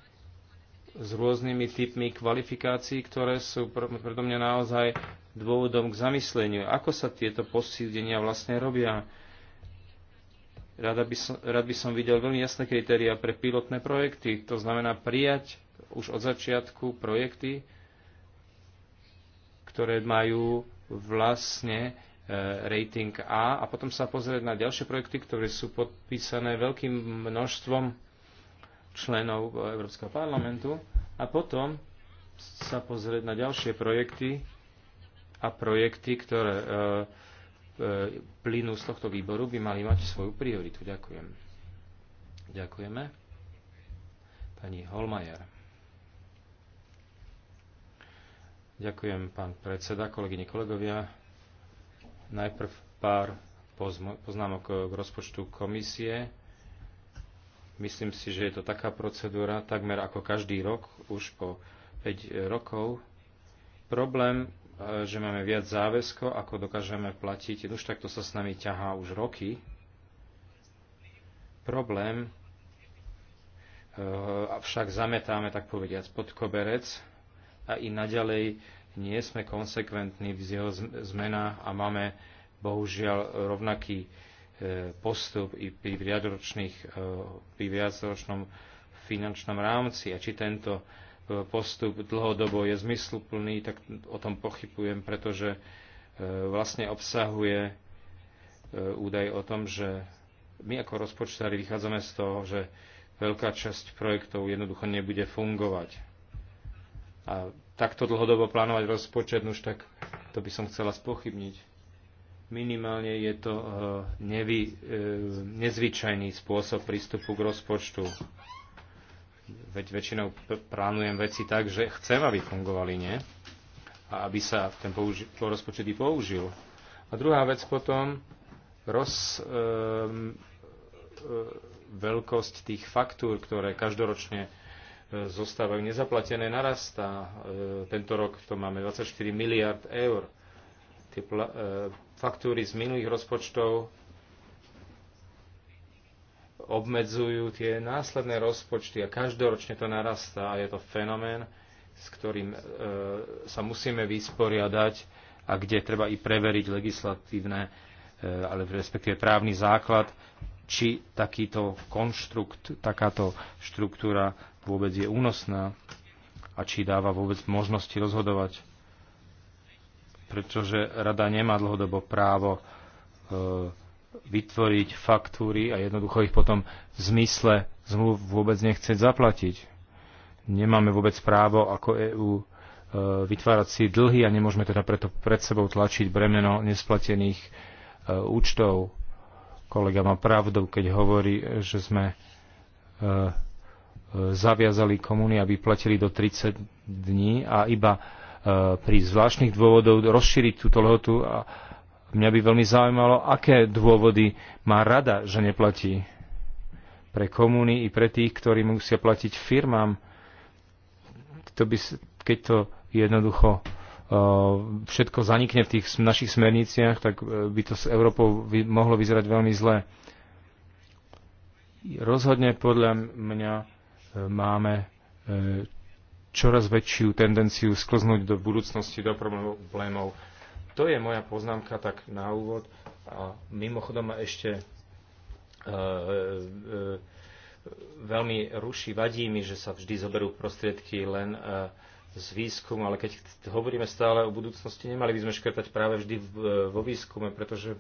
[SPEAKER 4] s rôznymi typmi kvalifikácií, ktoré sú predo mňa naozaj dôvodom k zamysleniu. Ako sa tieto posídenia vlastne robia? Rád by som, rád by som videl veľmi jasné kritéria pre pilotné projekty. To znamená prijať už od začiatku projekty, ktoré majú vlastne e, rating A a potom sa pozrieť na ďalšie projekty, ktoré sú podpísané veľkým množstvom členov Európskeho parlamentu a potom sa pozrieť na ďalšie projekty a projekty, ktoré e, e, plynú z tohto výboru, by mali mať svoju prioritu. Ďakujem. Ďakujeme. Pani Holmajer. Ďakujem, pán predseda, kolegyne, kolegovia. Najprv pár poznámok k rozpočtu komisie Myslím si, že je to taká procedúra, takmer ako každý rok, už po 5 rokov. Problém, e, že máme viac záväzko, ako dokážeme platiť, už takto sa s nami ťahá už roky. Problém, e, avšak zametáme, tak povediac, pod koberec a i naďalej nie sme konsekventní v jeho zmenách a máme bohužiaľ rovnaký postup i pri, viacročných, e, pri viacročnom finančnom rámci a či tento e, postup dlhodobo je zmysluplný, tak o tom pochybujem, pretože e, vlastne obsahuje údaj o tom, že my ako rozpočtári vychádzame z toho, že veľká časť projektov jednoducho nebude fungovať. A takto dlhodobo plánovať rozpočet, no už tak to by som chcela spochybniť. Minimálne je to eh, nevy, eh, nezvyčajný spôsob prístupu k rozpočtu. Veď väčšinou plánujem veci tak, že chcem, aby fungovali, nie? A aby sa ten použi- rozpočet i použil. A druhá vec potom, roz, e, e, veľkosť tých faktúr, ktoré každoročne zostávajú nezaplatené, narastá. E, tento rok to máme 24 miliard eur tie e, faktúry z minulých rozpočtov obmedzujú tie následné rozpočty a každoročne to narastá a je to fenomén, s ktorým e, sa musíme vysporiadať a kde treba i preveriť legislatívne, e, ale respektíve právny základ, či takýto konštrukt, takáto štruktúra vôbec je únosná a či dáva vôbec možnosti rozhodovať pretože rada nemá dlhodobo právo e, vytvoriť faktúry a jednoducho ich potom v zmysle zmluv vôbec nechceť zaplatiť. Nemáme vôbec právo ako EÚ e, vytvárať si dlhy a nemôžeme teda preto pred sebou tlačiť bremeno nesplatených e, účtov. Kolega má pravdu, keď hovorí, že sme zaviazali komúny, aby platili do 30 dní a iba E, pri zvláštnych dôvodov rozšíriť túto lehotu a mňa by veľmi zaujímalo, aké dôvody má rada, že neplatí pre komúny i pre tých, ktorí musia platiť firmám. To by, keď to jednoducho e, všetko zanikne v tých našich smerniciach, tak e, by to s Európou mohlo vyzerať veľmi zle. Rozhodne podľa mňa máme čoraz väčšiu tendenciu sklznúť do budúcnosti, do problémov. To je moja poznámka tak na úvod. A mimochodom ma ešte e, e, e, veľmi ruší, vadí mi, že sa vždy zoberú prostriedky len e, z výskumu, ale keď hovoríme stále o budúcnosti, nemali by sme škrtať práve vždy v, e, vo výskume, pretože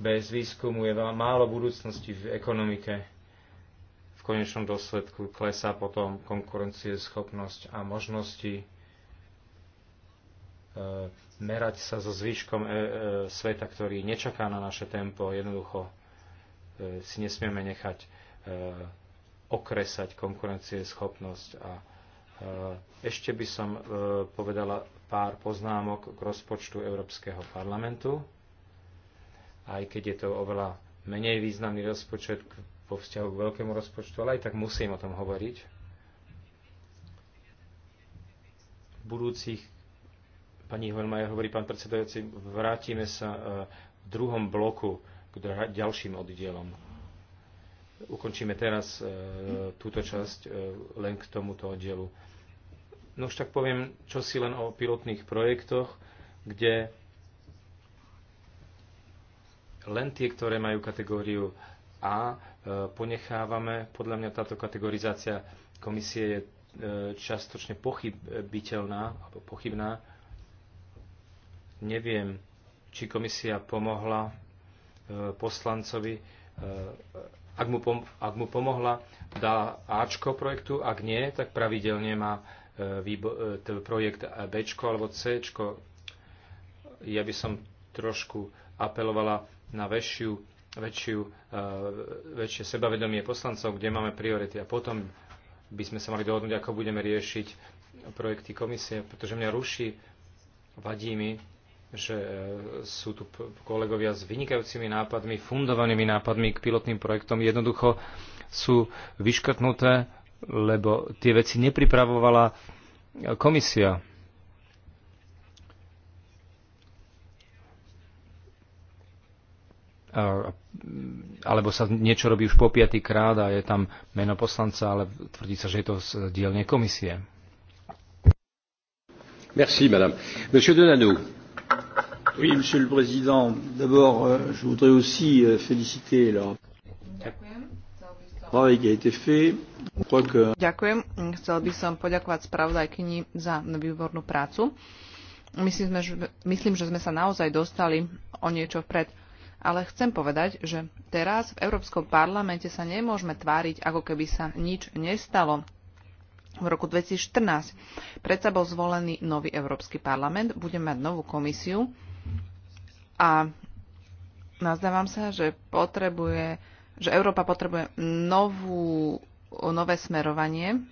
[SPEAKER 4] bez výskumu je veľa málo budúcnosti v ekonomike v konečnom dôsledku klesá potom konkurencieschopnosť a možnosti e, merať sa so zvyškom e, e, sveta, ktorý nečaká na naše tempo. Jednoducho si nesmieme nechať okresať konkurencieschopnosť. A ešte by som povedala pár poznámok k rozpočtu Európskeho parlamentu, aj keď je to oveľa menej významný rozpočet vo vzťahu k veľkému rozpočtu, ale aj tak musím o tom hovoriť. V budúcich, pani Hovenmajer hovorí pán predsedajúci, vrátime sa e, v druhom bloku k ďalším oddielom. Ukončíme teraz e, túto časť e, len k tomuto oddielu. No už tak poviem, čo si len o pilotných projektoch, kde len tie, ktoré majú kategóriu A, ponechávame. Podľa mňa táto kategorizácia komisie je e, častočne pochybiteľná alebo pochybná. Neviem, či komisia pomohla e, poslancovi, e, ak mu, pom- ak mu pomohla, dá Ačko projektu, ak nie, tak pravidelne má projekt Bčko alebo Cčko. Ja by som trošku apelovala na väčšiu väčšiu, eh, väčšie sebavedomie poslancov, kde máme priority a potom by sme sa mali dohodnúť, ako budeme riešiť projekty komisie, pretože mňa ruší, vadí mi, že eh, sú tu kolegovia s vynikajúcimi nápadmi, fundovanými nápadmi k pilotným projektom. Jednoducho sú vyškrtnuté, lebo tie veci nepripravovala eh, komisia. alebo sa niečo robí už po piatý krát a je tam meno poslanca, ale tvrdí sa, že je to z
[SPEAKER 1] dielne komisie. Merci, madame. Monsieur Delano. Oui, monsieur le président. D'abord, euh, je voudrais aussi euh, féliciter leur travail qui a été fait.
[SPEAKER 3] Ďakujem. Chcel by som poďakovať spravodajkyni za výbornú prácu. myslím, že sme sa naozaj dostali o niečo vpred ale chcem povedať, že teraz v Európskom parlamente sa nemôžeme tváriť, ako keby sa nič nestalo. V roku 2014 predsa bol zvolený nový Európsky parlament, budeme mať novú komisiu a nazdávam sa, že, potrebuje, že Európa potrebuje novú, nové smerovanie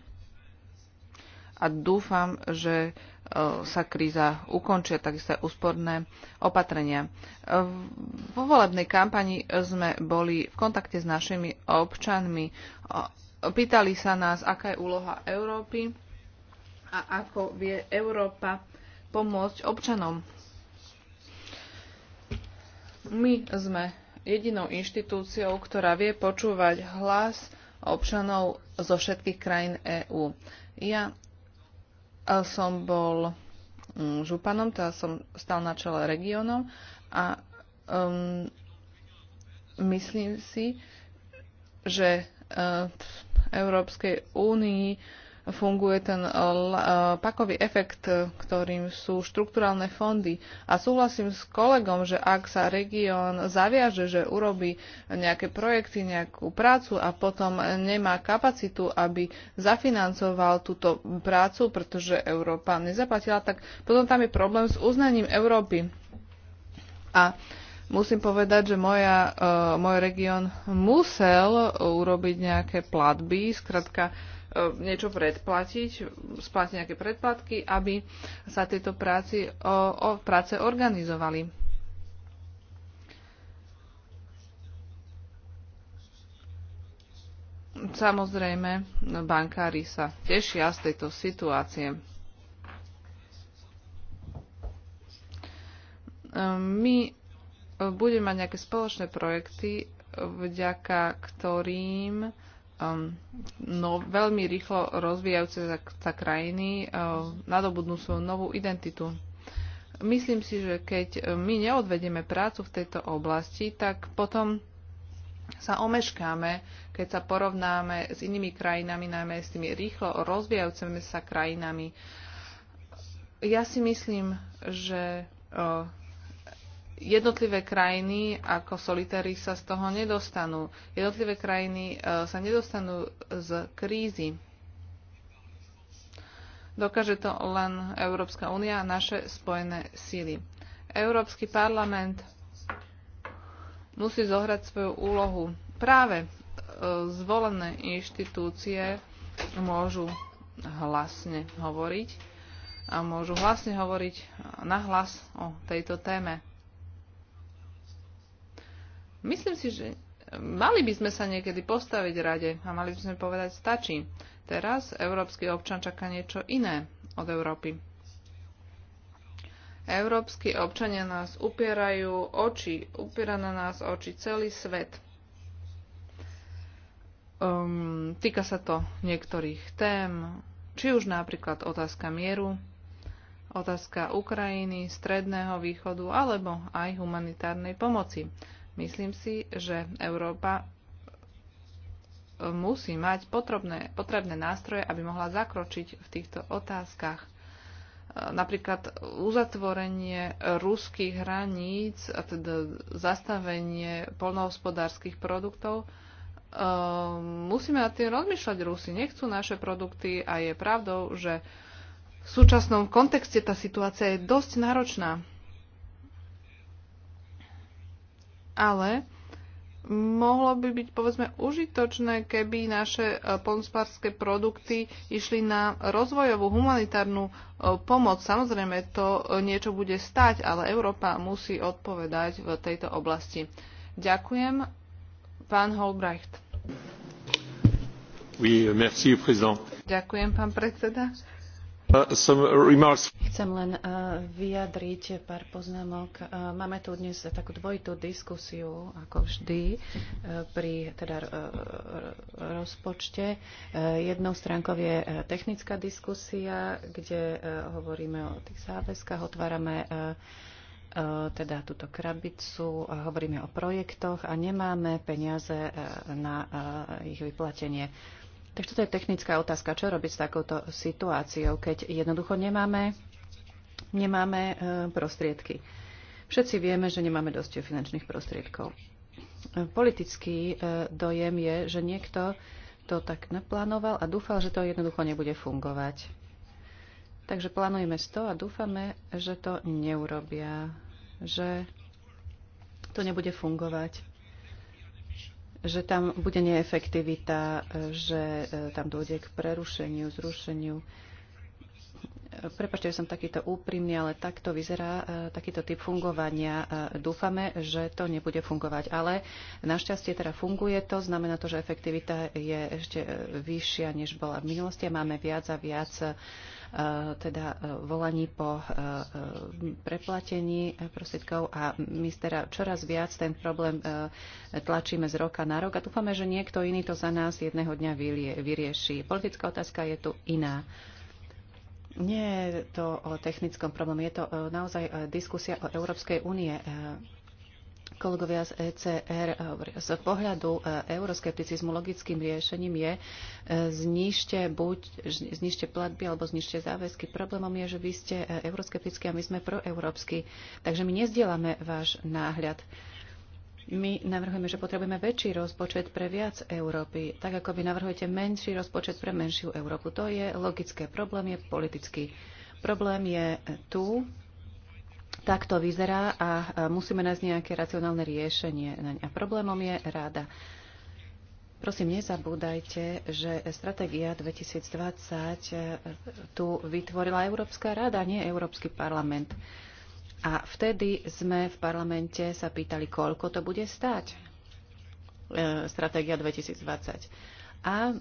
[SPEAKER 3] a dúfam, že Eh, sa kríza ukončia, takisto aj úsporné opatrenia. Eh, vo volebnej kampani sme boli v kontakte s našimi občanmi. Eh, pýtali sa nás, aká je úloha Európy a ako vie Európa pomôcť občanom. My sme jedinou inštitúciou, ktorá vie počúvať hlas občanov zo všetkých krajín EÚ. Ja som bol mm, županom, teda som stal na čele regiónom a um, myslím si, že uh, v Európskej únii funguje ten eh, eh, pakový efekt, eh, ktorým sú štrukturálne fondy. A súhlasím s kolegom, že ak sa región zaviaže, že urobí nejaké projekty, nejakú prácu a potom nemá kapacitu, aby zafinancoval túto prácu, pretože Európa nezaplatila, tak potom tam je problém s uznaním Európy. A musím povedať, že moja, môj región musel urobiť nejaké platby, skratka E, niečo predplatiť, splatiť nejaké predplatky, aby sa tieto práci, o, o, práce organizovali. Samozrejme, bankári sa tešia z tejto situácie. E, my budeme mať nejaké spoločné projekty, vďaka ktorým um, no, veľmi rýchlo rozvíjajúce sa krajiny um, nadobudnú svoju novú identitu. Myslím si, že keď my neodvedieme prácu v tejto oblasti, tak potom sa omeškáme, keď sa porovnáme s inými krajinami, najmä s tými rýchlo rozvíjajúcimi sa krajinami. Ja si myslím, že uh, jednotlivé krajiny ako solitári sa z toho nedostanú. Jednotlivé krajiny e, sa nedostanú z krízy. Dokáže to len Európska únia a naše spojené síly. Európsky parlament musí zohrať svoju úlohu. Práve e, zvolené inštitúcie môžu hlasne hovoriť a môžu hlasne hovoriť nahlas o tejto téme. Myslím si, že mali by sme sa niekedy postaviť rade a mali by sme povedať stačí. Teraz európsky občan čaká niečo iné od Európy. Európsky občania nás upierajú oči, upiera na nás oči celý svet. Um, týka sa to niektorých tém, či už napríklad otázka mieru, otázka Ukrajiny, Stredného východu alebo aj humanitárnej pomoci. Myslím si, že Európa e, musí mať potrebné, potrebné nástroje, aby mohla zakročiť v týchto otázkach. E, napríklad uzatvorenie ruských hraníc, a teda zastavenie polnohospodárskych produktov, e, musíme nad tým rozmýšľať. Rusi nechcú naše produkty a je pravdou, že v súčasnom kontexte tá situácia je dosť náročná. ale mohlo by byť povedzme užitočné, keby naše e, ponspárske produkty išli na rozvojovú humanitárnu e, pomoc. Samozrejme, to e, niečo bude stať, ale Európa musí odpovedať v tejto oblasti. Ďakujem. Pán Holbrecht.
[SPEAKER 1] Oui, merci,
[SPEAKER 3] Ďakujem, pán predseda. Uh, Chcem len uh, vyjadriť
[SPEAKER 2] pár poznámok. Uh, máme tu dnes takú dvojitú diskusiu, ako vždy, pri teda, rozpočte. Jednou stránkou je technická diskusia, kde hovoríme o tých záväzkách, otvárame teda túto krabicu, hovoríme o projektoch a nemáme peniaze na ich vyplatenie. Takže toto je technická otázka. Čo robiť s takouto situáciou, keď jednoducho nemáme, nemáme e, prostriedky? Všetci vieme, že nemáme dosť finančných prostriedkov. E, politický e, dojem je, že niekto to tak naplánoval a dúfal, že to jednoducho nebude fungovať. Takže plánujeme z toho a dúfame, že to neurobia, že to nebude fungovať že tam bude neefektivita, že e, tam dôjde k prerušeniu, zrušeniu. Prepačte, že som takýto úprimný, ale takto vyzerá e, takýto typ fungovania. E, dúfame, že to nebude fungovať. Ale našťastie teda funguje to, znamená to, že efektivita je ešte vyššia, než bola v minulosti. Máme viac a viac E, teda e, volaní po e, preplatení prostriedkov a my teda čoraz viac ten problém tlačíme z roka na rok a dúfame, že niekto iný to za nás jedného dňa vyrieši. Politická otázka je tu iná. Nie je to o technickom probléme, je to naozaj diskusia o Európskej únie kolegovia z ECR eh, hovoria, z pohľadu eh, euroskepticizmu logickým riešením je eh, znište buď znište platby alebo znište záväzky. Problémom je, že vy ste euroskeptickí a my sme proeurópsky, takže my nezdielame váš náhľad. My navrhujeme, že potrebujeme väčší rozpočet pre viac Európy, tak ako vy navrhujete menší rozpočet pre menšiu Európu. To je logické. Problém je politický. Problém je tu, tak to vyzerá a musíme nájsť nejaké racionálne riešenie A problémom je rada. Prosím, nezabúdajte, že stratégia 2020 e, tu vytvorila Európska rada, nie Európsky parlament. A vtedy sme v parlamente sa pýtali, koľko to bude stáť. E, stratégia 2020 a e,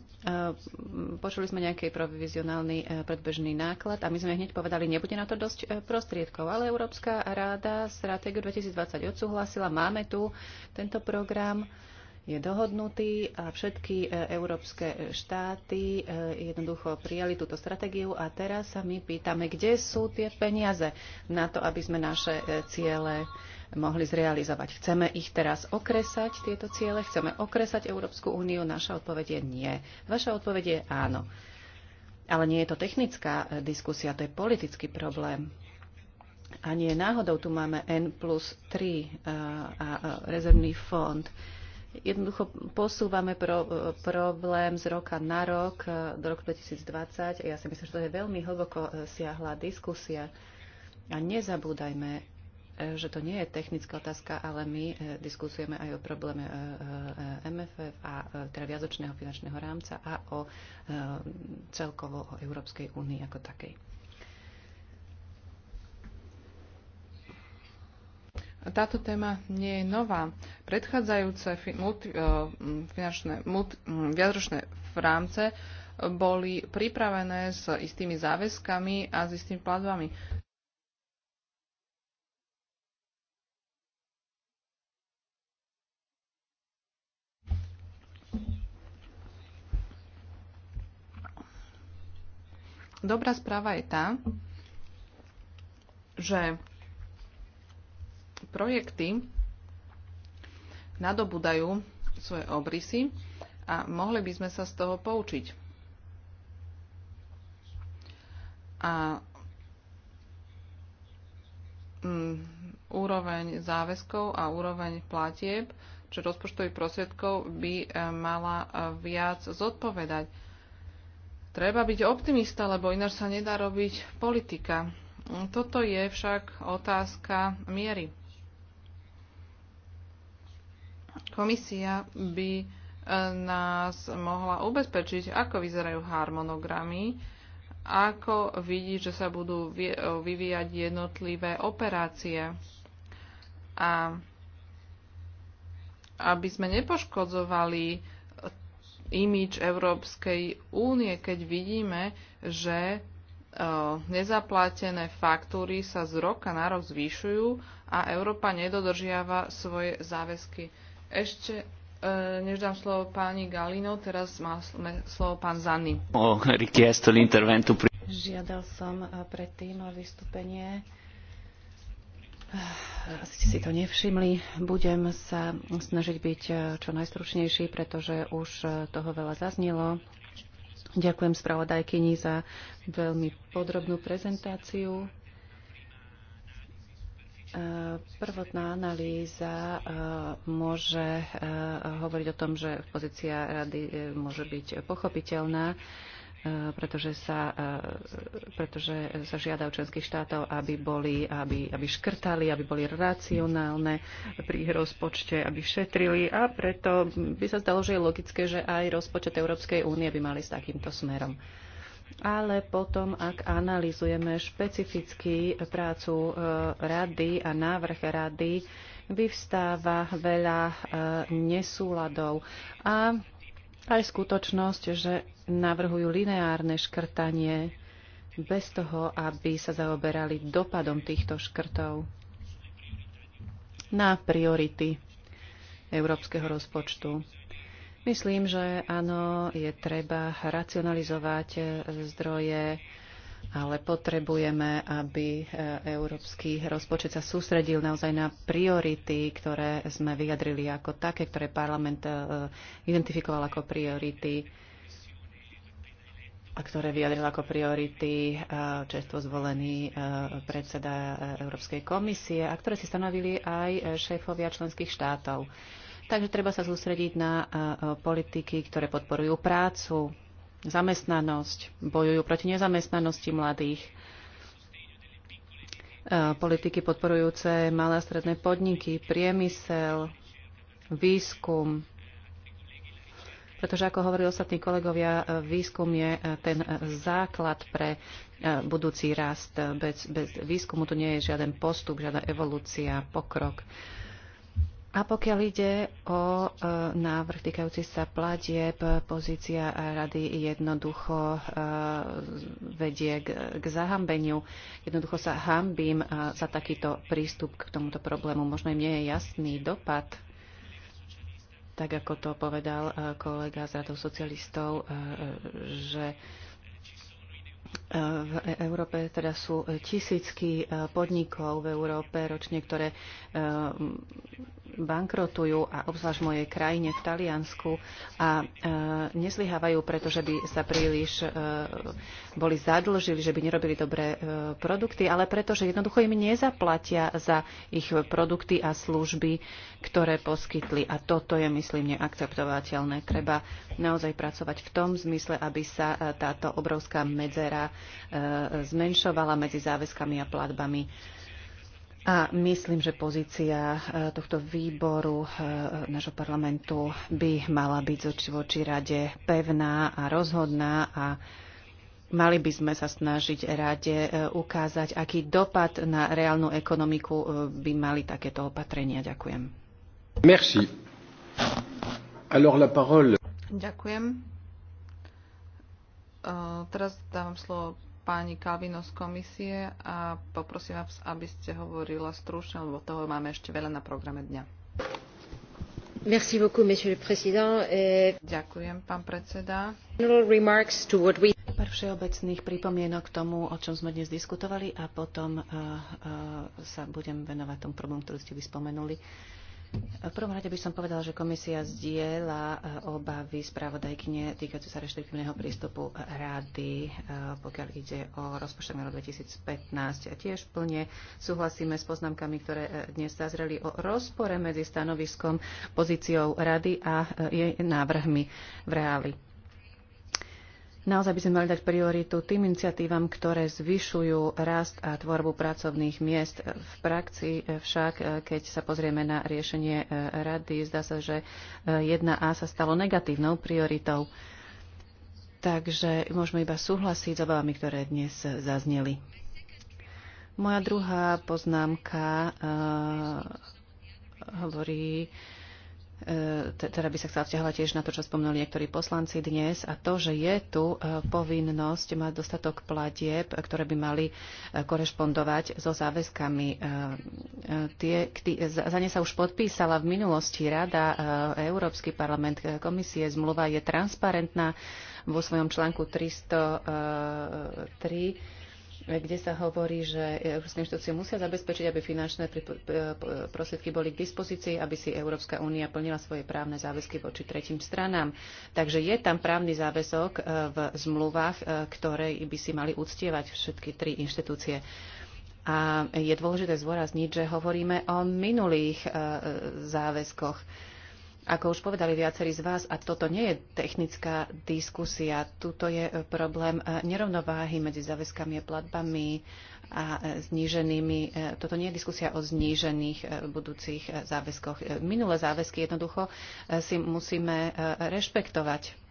[SPEAKER 2] počuli sme nejaký provizionálny e, predbežný náklad a my sme hneď povedali, nebude na to dosť e, prostriedkov, ale Európska ráda stratégiu 2020 odsúhlasila, máme tu tento program je dohodnutý a všetky európske štáty jednoducho prijali túto stratégiu a teraz sa my pýtame, kde sú tie peniaze na to, aby sme naše ciele mohli zrealizovať. Chceme ich teraz okresať, tieto ciele? Chceme okresať Európsku úniu? Naša odpoveď je nie. Vaša odpoveď je áno. Ale nie je to technická e, diskusia, to je politický problém. A nie náhodou tu máme N plus 3 e, a rezervný fond jednoducho posúvame pro, e, problém z roka na rok, do roku 2020. Ja si myslím, že to je veľmi hlboko siahla diskusia. A nezabúdajme, že to nie je technická otázka, ale my e, diskusujeme aj o probléme e, e, MFF a teda viazočného finančného rámca a o celkovo
[SPEAKER 3] o Európskej únii ako takej. Táto téma nie je nová. Predchádzajúce finančné, viacročné rámce boli pripravené s istými záväzkami a s istými platbami. Dobrá správa je tá, že projekty nadobúdajú svoje obrysy a mohli by sme sa z toho poučiť. A mm, úroveň záväzkov a úroveň platieb, čo rozpočtových prosvedkov by e, mala e, viac zodpovedať Treba byť optimista, lebo ináč sa nedá robiť politika. Toto je však otázka miery. Komisia by e, nás mohla ubezpečiť, ako vyzerajú harmonogramy, ako vidí, že sa budú e, vyvíjať jednotlivé operácie. A aby sme nepoškodzovali imič Európskej únie, keď vidíme, že e, nezaplatené faktúry sa z roka na rok zvyšujú a Európa nedodržiava svoje záväzky. Ešte e, než dám slovo pani Galino, teraz má slovo pán Zanni. Žiadal som e, predtým o vystúpenie
[SPEAKER 2] asi ste si to nevšimli. Budem sa snažiť byť eh, čo najstručnejší, pretože už eh, toho veľa zaznelo. Ďakujem spravodajkyni za veľmi podrobnú prezentáciu. Eh, prvotná analýza môže hovoriť o tom, že pozícia rady môže byť pochopiteľná E, pretože sa, e, pretože sa žiada od členských štátov, aby, boli, aby, aby škrtali, aby boli racionálne pri ich rozpočte, aby šetrili a preto by sa zdalo, že je logické, že aj rozpočet Európskej únie by mali s takýmto smerom. Ale potom, ak analizujeme špecificky prácu e, rady a návrh rady, vyvstáva veľa nesúladov a aj skutočnosť, že navrhujú lineárne škrtanie bez toho, aby sa zaoberali dopadom týchto škrtov na priority európskeho rozpočtu. Myslím, že áno, je treba racionalizovať zdroje, ale potrebujeme, aby e, európsky rozpočet sa sústredil naozaj na priority, ktoré sme vyjadrili ako také, ktoré parlament e, identifikoval ako priority a ktoré vyjadril ako priority čerstvo zvolený predseda e, Európskej komisie a ktoré si stanovili aj e, šéfovia členských štátov. Takže treba sa sústrediť na politiky, ktoré podporujú prácu, zamestnanosť, bojujú proti nezamestnanosti mladých, politiky podporujúce malé a stredné podniky, priemysel, výskum, pretože ako hovorí ostatní kolegovia, e, výskum je e, ten e, základ pre budúci rast. Bez, bez výskumu tu nie je žiaden postup, žiadna evolúcia, pokrok. A pokiaľ ide o návrh týkajúci sa platieb, pozícia rady jednoducho vedie k, zahambeniu. Jednoducho sa hambím za takýto prístup k tomuto problému. Možno im nie je jasný dopad tak ako to povedal eh, kolega z radov socialistov, eh, eh, že v e- Európe teda sú e, tisícky e, podnikov v Európe ročne, ktoré bankrotujú a obzvlášť v mojej krajine v Taliansku a nezlyhávajú, pretože by sa príliš boli zadlžili, že by nerobili dobré produkty, ale pretože jednoducho im nezaplatia za ich produkty a služby, ktoré poskytli. A toto je, myslím, neakceptovateľné. Treba naozaj pracovať v tom zmysle, aby sa táto obrovská medzera E, zmenšovala medzi záväzkami a platbami. A myslím, že pozícia e, tohto výboru e, nášho parlamentu by mala byť voči rade pevná a rozhodná a Mali by sme sa snažiť rade ukázať, aký dopad na reálnu ekonomiku by mali takéto opatrenia. Ďakujem.
[SPEAKER 1] Merci.
[SPEAKER 3] Alors la parole. Ďakujem teraz dávam slovo pani Kalvino z komisie a poprosím vás, aby ste hovorila stručne, lebo toho máme ešte veľa na programe dňa. Merci beaucoup, monsieur le président. E, Ďakujem, pán predseda.
[SPEAKER 2] Pár všeobecných pripomienok k tomu, o čom sme dnes diskutovali a potom e, e, sa budem venovať tomu problému, ktorý ste vyspomenuli. spomenuli. V prvom rade by som povedala, že komisia zdieľa eh, obavy spravodajkyne týkajúce sa reštriktívneho prístupu eh, rady, eh, pokiaľ ide o rozpočet na rok 2015. A tiež plne súhlasíme s poznámkami, ktoré dnes zazreli o rozpore medzi stanoviskom, pozíciou rady a jej návrhmi v reáli. Naozaj by sme mali dať prioritu tým iniciatívam, ktoré zvyšujú rast a tvorbu pracovných miest. V praxi však, e, keď sa pozrieme na riešenie e, rady, zdá sa, že 1A e, sa stalo negatívnou prioritou. Takže môžeme iba súhlasiť s obavami, ktoré dnes zazneli. Moja druhá poznámka uh, hovorí E, teda by sa chcela vzťahovať tiež na to, čo spomnuli niektorí poslanci dnes, a to, že je tu e, povinnosť mať dostatok platieb, ktoré by mali e, korešpondovať so záväzkami. Tie, za ne sa už podpísala v minulosti Rada, Európsky parlament, komisie, zmluva je transparentná vo svojom článku 303 kde sa hovorí, že európske inštitúcie musia zabezpečiť, aby finančné prostriedky boli k dispozícii, aby si Európska únia plnila svoje právne záväzky voči tretím stranám. Takže je tam právny záväzok e, v zmluvách, e, ktoré by si mali uctievať všetky tri inštitúcie. A je dôležité zvorazniť, že hovoríme o minulých e, záväzkoch ako už povedali viacerí z vás, a toto nie je technická diskusia, tuto je e, problém e, nerovnováhy medzi záväzkami a platbami a e, zníženými. Toto nie je diskusia o znížených budúcich záväzkoch. Minulé záväzky jednoducho si musíme rešpektovať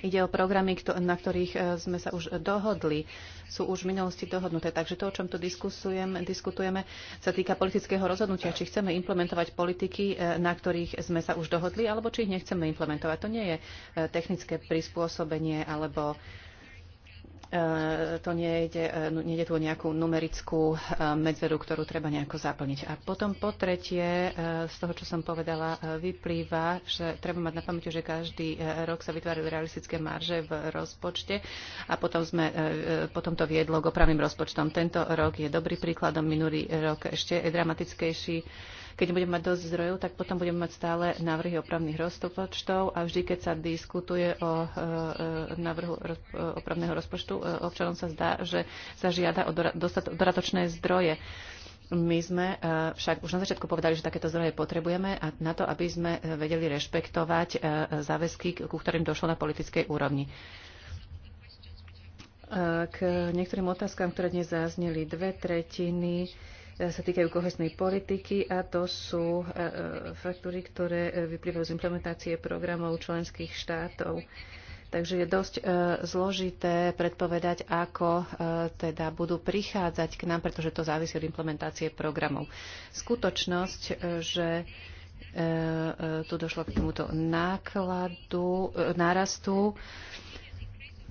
[SPEAKER 2] Ide o programy, na ktorých e, sme sa už dohodli, sú už v minulosti dohodnuté. Takže to, o čom tu diskutujeme, sa týka politického rozhodnutia, či chceme implementovať politiky, e, na ktorých sme sa už dohodli, alebo či ich nechceme implementovať. To nie je e, technické prispôsobenie alebo E, to nejde, e, nejde tu o nejakú numerickú e, medzeru, ktorú treba nejako zaplniť. A potom po tretie, z toho, čo som povedala, vyplýva, že treba mať na pamäti, že každý rok sa vytvárajú realistické marže v rozpočte a potom, sme, potom to viedlo k opravným rozpočtom. Tento rok je dobrý príkladom, minulý rok ešte dramatickejší keď budeme mať dosť zdrojov, tak potom budeme mať stále návrhy opravných rozpočtov a vždy, keď sa diskutuje o e, e, návrhu e, opravného rozpočtu, občanom sa zdá, že sa žiada o dodatočné zdroje. My sme však už na začiatku povedali, že takéto zdroje potrebujeme a na to, aby sme vedeli rešpektovať záväzky, ku ktorým došlo na politickej úrovni. K niektorým otázkam, ktoré dnes zazneli, dve tretiny E, sa týkajú kohesnej politiky a to sú e, e, faktúry, ktoré vyplývajú z implementácie programov členských štátov. Takže je dosť zložité predpovedať, ako teda budú prichádzať k nám, pretože to závisí od implementácie programov. Skutočnosť, že tu došlo k tomuto nákladu, nárastu,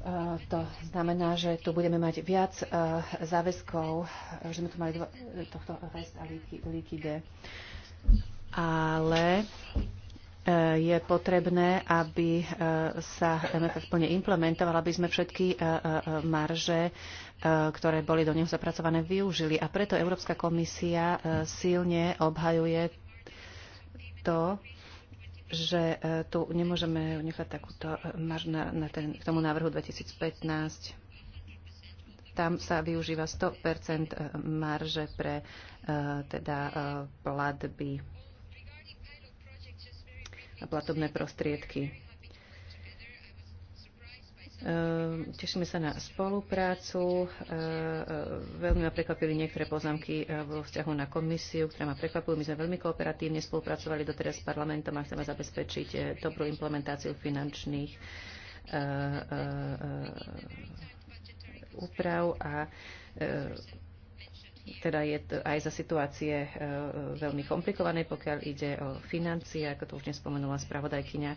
[SPEAKER 2] Eh, to znamená, že tu budeme mať viac eh, záväzkov, eh, že sme tu mali tohto rest a líkide. Ale je potrebné, aby sa MFF plne implementoval, aby sme všetky marže, ktoré boli do neho zapracované, využili. A preto Európska komisia silne obhajuje to, že e, tu nemôžeme nechať takúto e, marž na, na ten, k tomu návrhu 2015. Tam sa využíva 100 e, marže pre teda platby a platobné prostriedky. Ehm, tešíme sa na spoluprácu. Ehm, veľmi ma prekvapili niektoré poznámky eh, vo vzťahu na komisiu, ktorá ma prekvapujú. My sme veľmi kooperatívne spolupracovali doteraz s parlamentom a chceme zabezpečiť eh, dobrú implementáciu finančných eh, úprav a teda je to aj za situácie veľmi komplikované, pokiaľ ide o financie, ako to už nespomenula spravodajkyňa.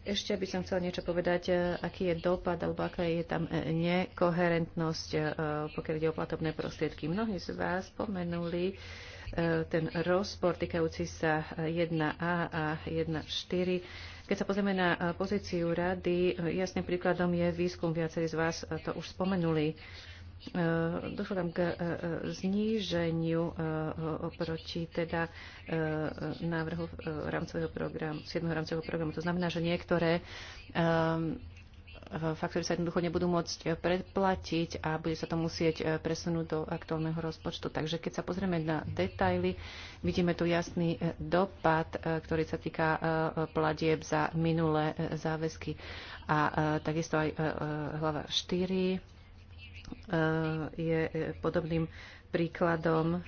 [SPEAKER 2] Ešte by som chcela niečo povedať, e, aký je dopad alebo aká je tam e, nekoherentnosť, e, pokiaľ ide o platobné prostriedky. Mnohí z vás spomenuli ten rozpor týkajúci sa 1A a 1.4. Keď sa pozrieme na pozíciu rady, jasným príkladom je výskum, viacerí z vás to už spomenuli. E, došlo tam k e, e, zníženiu oproti teda návrhu rámcového programu, 7. rámcového programu. To znamená, že niektoré faktory sa jednoducho nebudú môcť predplatiť a bude sa to musieť presunúť do aktuálneho rozpočtu. Takže keď sa pozrieme na detaily, vidíme tu jasný dopad, ktorý sa týka platieb za minulé záväzky a takisto aj hlava 4 Eh, je eh, podobným príkladom.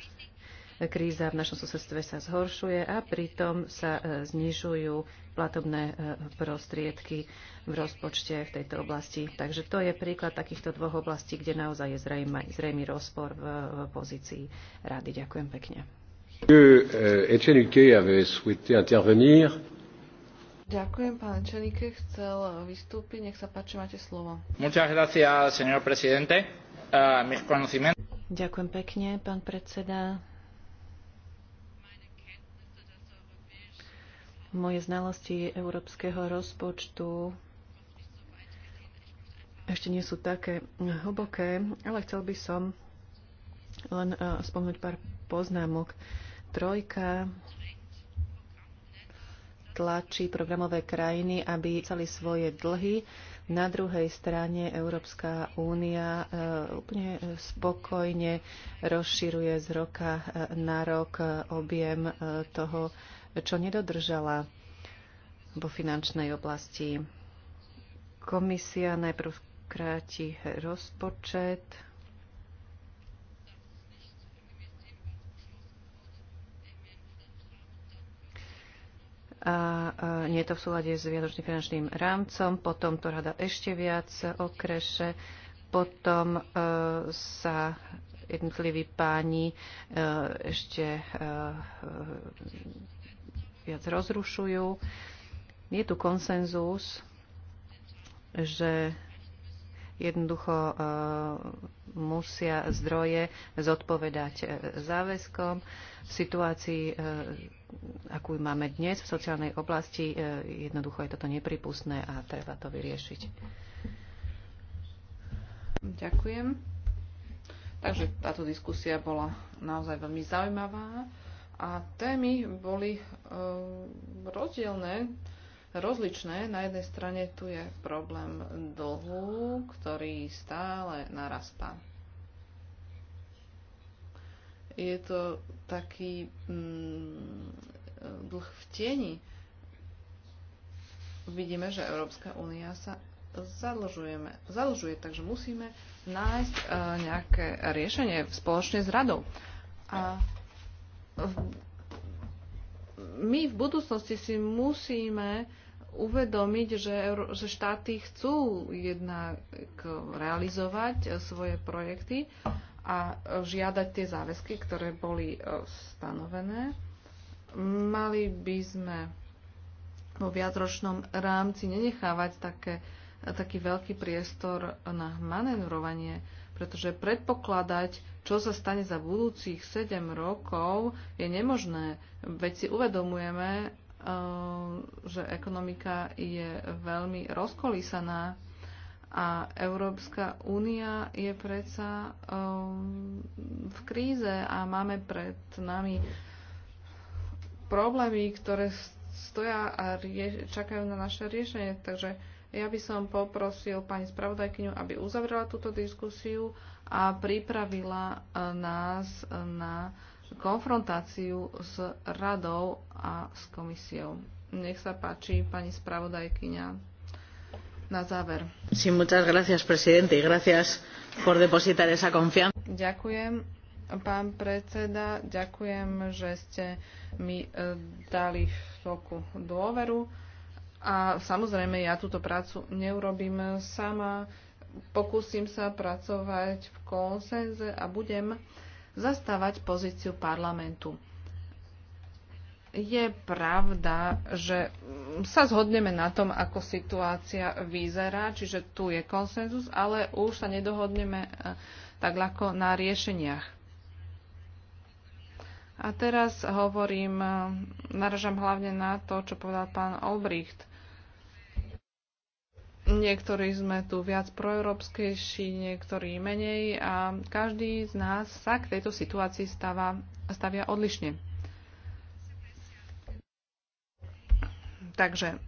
[SPEAKER 2] Kríza v našom susedstve sa zhoršuje a pritom sa eh, znižujú platobné prostriedky v rozpočte v tejto oblasti. Takže to je príklad takýchto dvoch oblastí, kde naozaj je zrejma, zrejmý rozpor v, pozícii rady. Ďakujem pekne.
[SPEAKER 3] Ďakujem, pán Čenike chcel vystúpiť. Nech sa páči, máte slovo.
[SPEAKER 5] Muchas
[SPEAKER 1] gracias,
[SPEAKER 4] señor presidente. Uh, mis conocimientos...
[SPEAKER 2] Ďakujem pekne, pán predseda. Moje znalosti európskeho rozpočtu ešte nie sú také hlboké, ale chcel by som len uh, pár poznámok. Trojka tlačí programové krajiny, aby cali svoje dlhy. Na druhej strane Európska únia eh, úplne eh, spokojne rozširuje z roka eh, na rok objem toho, čo nedodržala vo finančnej oblasti. Komisia najprv kráti rozpočet a e, nie je to v súlade s vianočným finančným rámcom, potom to rada ešte viac okreše, potom e, sa jednotliví páni e, ešte viac rozrušujú. Je tu konsenzus, že jednoducho musia zdroje zodpovedať záväzkom v situácii akú máme dnes v sociálnej oblasti, e, jednoducho je toto nepripustné a treba to vyriešiť.
[SPEAKER 3] Ďakujem. Takže táto diskusia bola naozaj veľmi zaujímavá a témy boli e, rozdielne, rozličné. Na jednej strane tu je problém dlhu, ktorý stále narastá je to taký mm, dlh v tieni. Vidíme, že Európska únia sa zadlžujeme, zadlžuje, takže musíme nájsť uh, nejaké riešenie spoločne s radou. A v, my v budúcnosti si musíme uvedomiť, že, že štáty chcú jednak realizovať e, svoje projekty, uh, a e, žiadať tie záväzky, ktoré boli e, stanovené. Mali by sme vo viacročnom rámci nenechávať také, taký veľký priestor na manevrovanie, pretože predpokladať, čo sa stane za budúcich 7 rokov, je nemožné. Veď si uvedomujeme, e, že ekonomika je veľmi rozkolísaná a Európska únia je predsa um, v kríze a máme pred nami problémy, ktoré stoja a čakajú na naše riešenie. Takže ja by som poprosil pani spravodajkyňu, aby uzavrela túto diskusiu a pripravila e, nás na konfrontáciu s radou a s komisiou. Nech sa páči, pani spravodajkyňa na záver.
[SPEAKER 1] Sí, muchas gracias, presidente, y gracias por depositar esa confianza.
[SPEAKER 3] Ďakujem, pán predseda, ďakujem, že ste mi e, dali toku dôveru. A samozrejme, ja túto prácu neurobím sama. Pokúsim sa pracovať v konsenze a budem zastávať pozíciu parlamentu. Je pravda, že sa zhodneme na tom, ako situácia vyzerá, čiže tu je konsenzus, ale už sa nedohodneme e, tak ľahko na riešeniach. A teraz hovorím, e, naražam hlavne na to, čo povedal pán Olbricht. Niektorí sme tu viac proeurópskejší, niektorí menej a každý z nás sa k tejto situácii stáva, stavia odlišne. Takže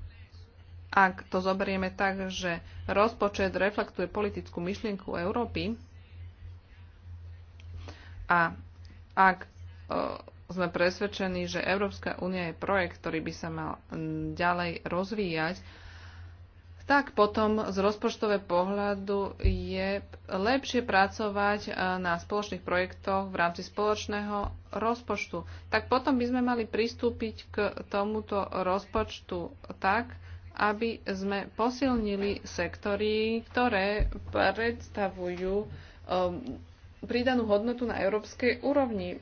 [SPEAKER 3] ak to zoberieme tak, že rozpočet reflektuje politickú myšlienku Európy a ak e, sme presvedčení, že Európska únia je projekt, ktorý by sa mal ďalej rozvíjať, tak potom z rozpočtového pohľadu je lepšie pracovať e, na spoločných projektoch v rámci spoločného rozpočtu. Tak potom by sme mali pristúpiť k tomuto rozpočtu tak, aby sme posilnili sektory, ktoré predstavujú um, pridanú hodnotu na európskej úrovni.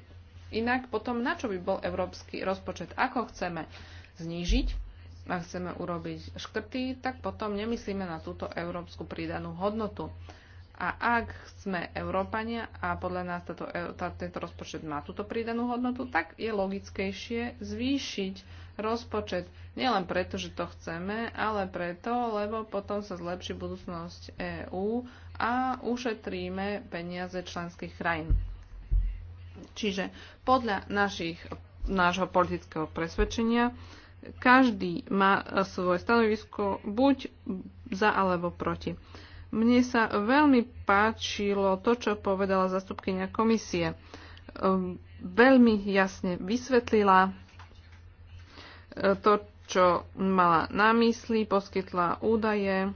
[SPEAKER 3] Inak potom na čo by bol európsky rozpočet? Ako chceme znížiť a chceme urobiť škrty, tak potom nemyslíme na túto európsku pridanú hodnotu. A ak sme Európania a podľa nás tato, e- tá, tento rozpočet má túto pridanú hodnotu, tak je logickejšie zvýšiť rozpočet. Nielen preto, že to chceme, ale preto, lebo potom sa zlepší budúcnosť EÚ a ušetríme peniaze členských krajín. Čiže podľa našich, nášho politického presvedčenia každý má svoje stanovisko buď za alebo proti. Mne sa veľmi páčilo to, čo povedala zastupkynia komisie. Ehm, veľmi jasne vysvetlila e, to, čo mala na mysli, poskytla údaje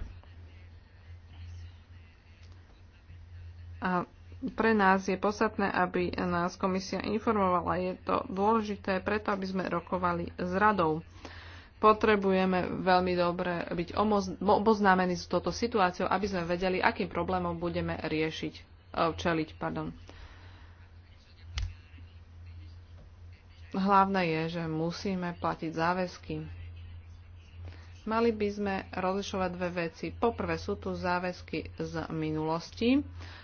[SPEAKER 3] a pre nás je podstatné, aby nás komisia informovala. Je to dôležité preto, aby sme rokovali s radou potrebujeme veľmi dobre byť oboznámení s touto situáciou, aby sme vedeli, akým problémom budeme riešiť, e, čeliť. Pardon. Hlavné je, že musíme platiť záväzky. Mali by sme rozlišovať dve veci. Poprvé sú tu záväzky z minulosti,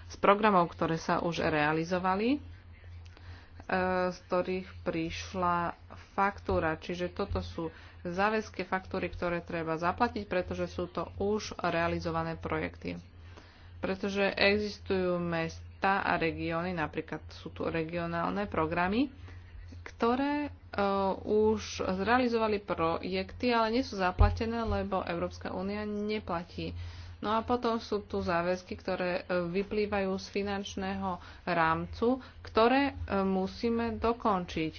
[SPEAKER 3] z programov, ktoré sa už realizovali, e, z ktorých prišla faktúra. Čiže toto sú záväzky faktúry, ktoré treba zaplatiť, pretože sú to už realizované projekty. Pretože existujú mesta a regióny, napríklad sú tu regionálne programy, ktoré uh, už zrealizovali projekty, ale nie sú zaplatené, lebo Európska únia neplatí. No a potom sú tu záväzky, ktoré e, vyplývajú z finančného rámcu, ktoré e, musíme dokončiť.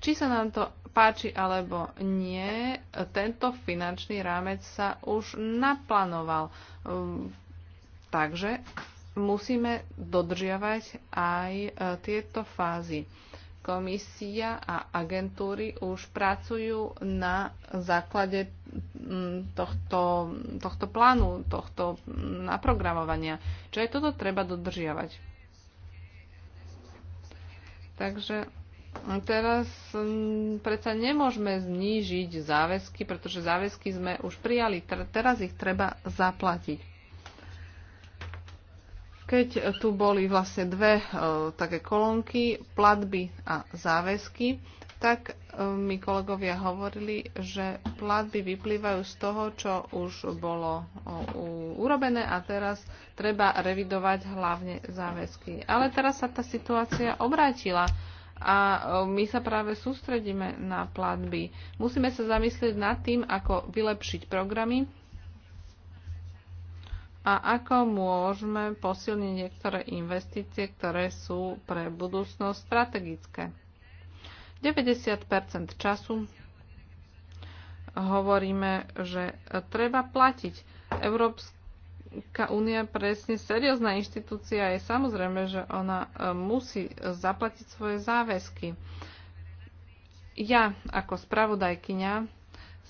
[SPEAKER 3] Či sa nám to páči alebo nie, tento finančný rámec sa už naplánoval. Ehm, takže musíme dodržiavať aj e, tieto fázy. Komisia a agentúry už pracujú na základe mm, tohto, tohto plánu, tohto mm, naprogramovania. Čo aj toto treba dodržiavať. Takže Teraz mm, predsa nemôžeme znížiť záväzky, pretože záväzky sme už prijali. Teraz ich treba zaplatiť keď tu boli vlastne dve e, také kolónky, platby a záväzky, tak e, mi kolegovia hovorili, že platby vyplývajú z toho, čo už bolo o, urobené a teraz treba revidovať hlavne záväzky. Ale teraz sa tá situácia obrátila a e, my sa práve sústredíme na platby. Musíme sa zamyslieť nad tým, ako vylepšiť programy a ako môžeme posilniť niektoré investície, ktoré sú pre budúcnosť strategické. 90 času hovoríme, že treba platiť. Európska Európska únia presne seriózna inštitúcia je samozrejme, že ona e, musí zaplatiť svoje záväzky. Ja ako spravodajkyňa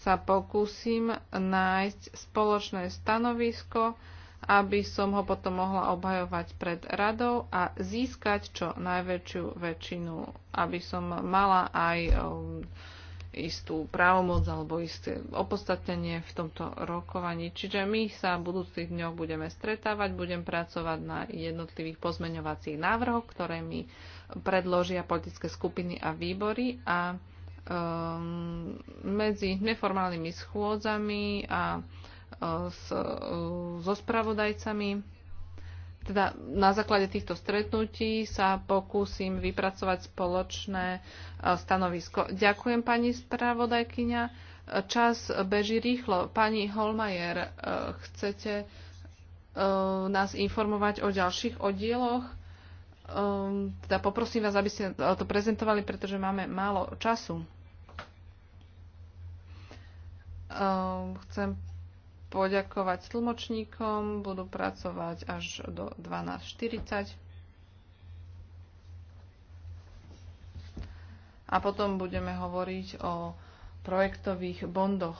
[SPEAKER 3] sa pokúsim nájsť spoločné stanovisko, aby som ho potom mohla obhajovať pred radou a získať čo najväčšiu väčšinu, aby som mala aj e, istú právomoc alebo isté opodstatnenie v tomto rokovaní. Čiže my sa v budúcich dňoch budeme stretávať, budem pracovať na jednotlivých pozmeňovacích návrhoch, ktoré mi predložia politické skupiny a výbory a um, medzi neformálnymi schôdzami a e, s, e, so spravodajcami teda na základe týchto stretnutí sa pokúsim vypracovať spoločné e, stanovisko. Ďakujem pani spravodajkyňa. Čas beží rýchlo. Pani Holmajer, e, chcete e, nás informovať o ďalších oddieloch? Teda poprosím vás, aby ste to prezentovali, pretože máme málo času. Chcem poďakovať tlmočníkom, budú pracovať až do 12.40. A potom budeme hovoriť o projektových bondoch.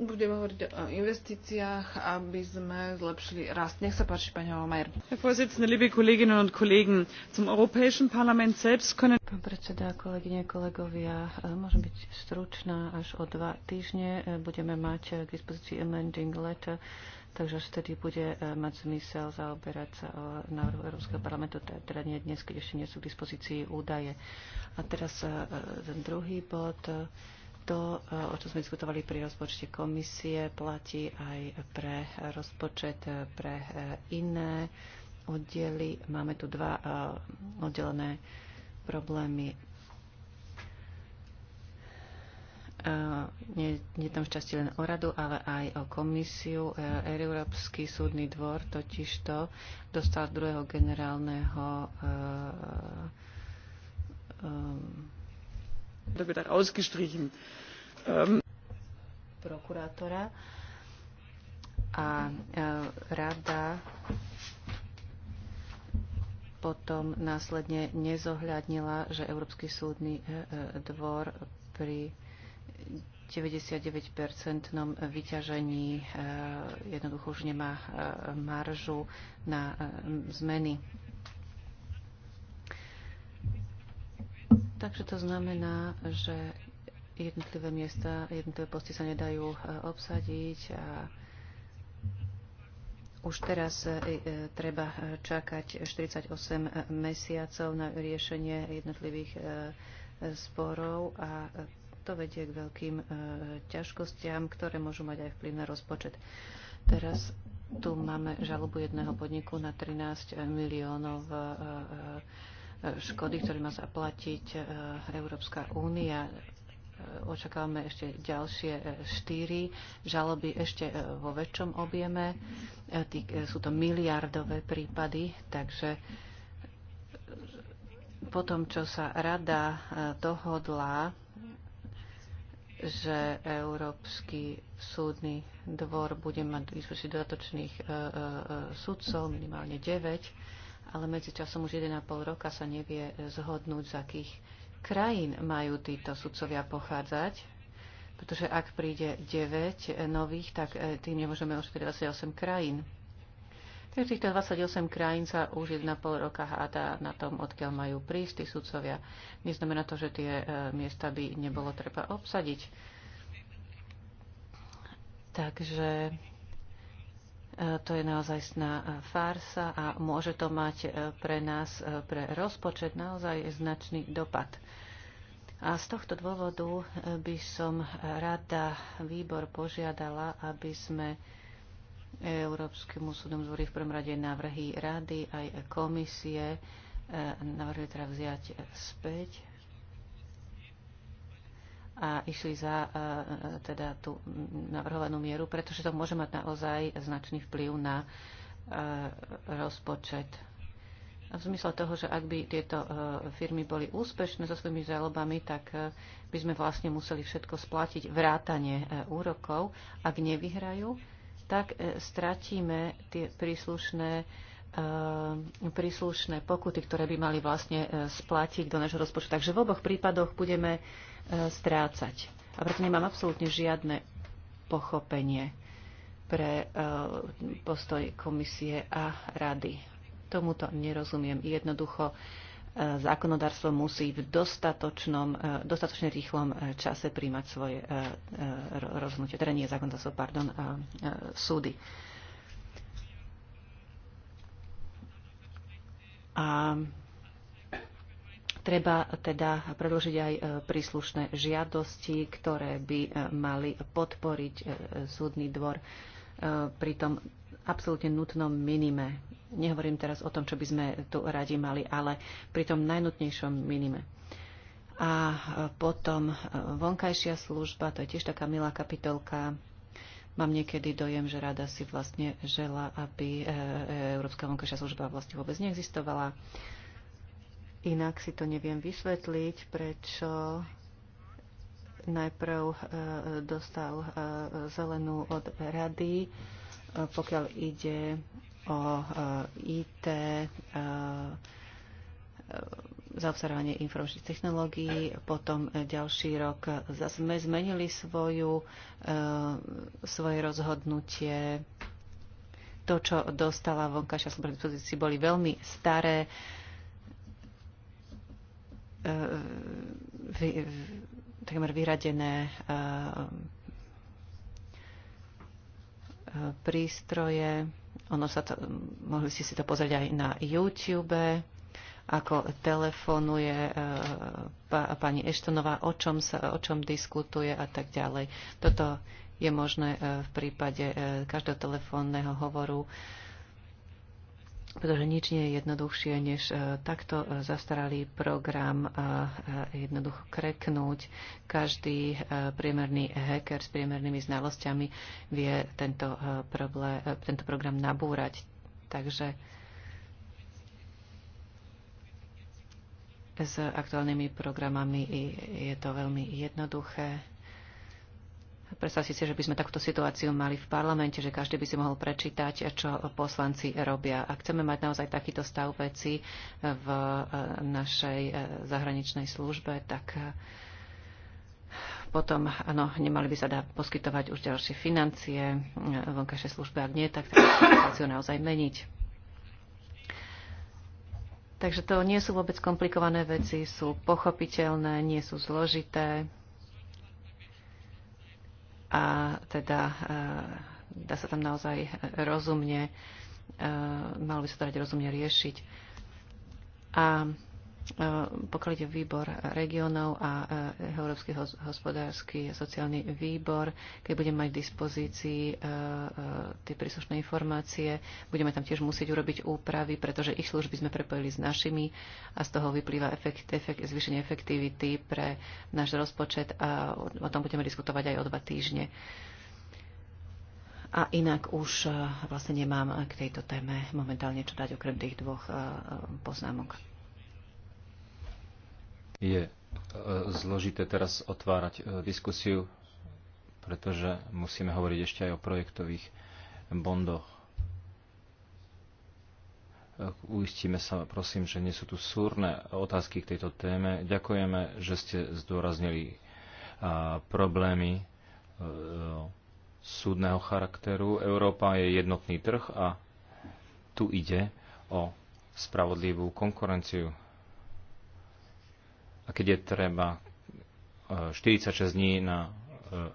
[SPEAKER 3] budeme hovoriť o investíciách, aby sme zlepšili rast. Nech sa páči, pani Holmeier. Herr Vorsitzende, liebe Kolleginnen und
[SPEAKER 2] Kollegen, zum Europäischen Parlament selbst können... Pán predseda, kolegyne, kolegovia, eh, môžem byť stručná. Až o dva týždne eh, budeme mať eh, k dispozícii amending letter, takže až vtedy bude mať zmysel zaoberať sa o návrhu Európskeho parlamentu, teda nie dnes, keď ešte nie sú k dispozícii údaje. A teraz ten druhý bod to, e, o čo sme diskutovali pri rozpočte komisie, platí aj pre rozpočet e, pre e, iné oddiely. Máme tu dva oddelené problémy. Nie, je tam v časti len o radu, ale aj o komisiu. Európsky súdny dvor totižto dostal druhého generálneho um, Ähm, prokurátora a e, rada potom následne nezohľadnila, že Európsky súdny e, e, dvor pri 99-percentnom vyťažení jednoducho už nemá maržu na zmeny Takže to znamená, že jednotlivé miesta, jednotlivé posty sa nedajú e, obsadiť a už teraz e, e, treba čakať 48 mesiacov na riešenie jednotlivých sporov a to vedie k veľkým ťažkostiam, ktoré môžu mať aj vplyv na rozpočet. Teraz tu máme žalobu jedného podniku na 13 miliónov škody, ktoré má zaplatiť e, Európska únia. E, očakávame ešte ďalšie e, štyri žaloby ešte vo väčšom objeme. Sú to miliardové prípady, takže po tom, čo sa rada dohodla, že Európsky súdny dvor bude mať vyzvačiť dodatočných sudcov, minimálne 9, ale medzi časom už 1,5 roka sa nevie e, zhodnúť, z akých krajín majú títo sudcovia pochádzať, pretože ak príde 9 e, nových, tak e, tým nemôžeme už 28 krajín. Takže týchto 28 krajín sa už 1,5 roka hádá na tom, odkiaľ majú prísť tí sudcovia. Neznamená to, že tie miesta by nebolo treba obsadiť. Takže E, to je naozaj sná e, farsa a môže to mať e, pre nás, pre rozpočet, naozaj značný dopad. A z tohto dôvodu by som rada výbor požiadala, aby sme Európskemu súdom zvolili v prvom rade návrhy rady aj komisie, navrhli teda vziať späť a išli za e, teda tú navrhovanú mieru, pretože to môže mať naozaj značný vplyv na e, rozpočet. A v zmysle toho, že ak by tieto e, firmy boli úspešné so svojimi žalobami, tak by sme vlastne museli všetko splatiť, vrátanie úrokov. Ak nevyhrajú, tak stratíme tie príslušné E, príslušné pokuty, ktoré by mali vlastne e, splatiť do nášho rozpočtu. Takže v oboch prípadoch budeme e, strácať. A preto nemám absolútne žiadne pochopenie pre postoj komisie a rady. Tomuto nerozumiem. Jednoducho zákonodárstvo musí v dostatočnom, dostatočne rýchlom čase príjmať svoje rozhodnutie. Teda nie zákonodárstvo, pardon, súdy. A treba teda predložiť aj e, príslušné žiadosti, ktoré by e, mali podporiť e, súdny dvor pri tom absolútne nutnom minime. Nehovorím teraz o tom, čo by sme tu radi mali, ale pri tom najnutnejšom minime. A potom vonkajšia služba, to je tiež taká milá kapitolka, Mám niekedy dojem, že rada si vlastne žela, aby e, e, Európska vonkajšia služba vlastne vôbec neexistovala. Inak si to neviem vysvetliť, prečo najprv e, dostal zelenú od rady, pokiaľ ide o IT zaobstarávanie informačných technológií, potom e, ďalší rok e, zase sme zmenili svoju, e, svoje rozhodnutie. To, čo dostala vonkaša sloboda dispozícii, boli veľmi staré. takmer vyradené prístroje. Ono sa to, mohli ste si to pozrieť aj na YouTube ako telefonuje e, pani Eštonová, o čom, sa, o čom diskutuje a tak ďalej. Toto je možné e, v prípade e, každého telefónneho hovoru, pretože nič nie je jednoduchšie, než takto zastaralý program a jednoducho kreknúť. Každý priemerný hacker s priemernými znalosťami vie tento, problém, tento program nabúrať. Takže S aktuálnymi programami je to veľmi jednoduché. Predstavte si, že by sme takúto situáciu mali v parlamente, že každý by si mohol prečítať, čo poslanci robia. Ak chceme mať naozaj takýto stav veci v e, našej e, zahraničnej službe, tak e, potom ano, nemali by sa dá poskytovať už ďalšie financie vonkajšej službe. Ak nie, tak takú situáciu naozaj meniť. Takže to nie sú vôbec komplikované veci, sú pochopiteľné, nie sú zložité. A teda e, dá sa tam naozaj rozumne, e, malo by sa to dať rozumne riešiť. A pokiaľ ide výbor regionov a e, Európsky hospodársky a sociálny výbor, keď budeme mať v dispozícii e, e, tie príslušné informácie, budeme tam tiež musieť urobiť úpravy, pretože ich služby sme prepojili s našimi a z toho vyplýva efekt, efekt, zvýšenie efektivity pre náš rozpočet a o tom budeme diskutovať aj o dva týždne. A inak už vlastne nemám k tejto téme momentálne čo dať okrem tých dvoch poznámok.
[SPEAKER 4] Je e, zložité teraz otvárať e, diskusiu, pretože musíme hovoriť ešte aj o projektových bondoch. E, uistíme sa, prosím, že nie sú tu súrne otázky k tejto téme. Ďakujeme, že ste zdôraznili problémy súdneho charakteru. Európa je jednotný trh a tu ide o spravodlivú konkurenciu a keď je treba 46 e, dní na e, e,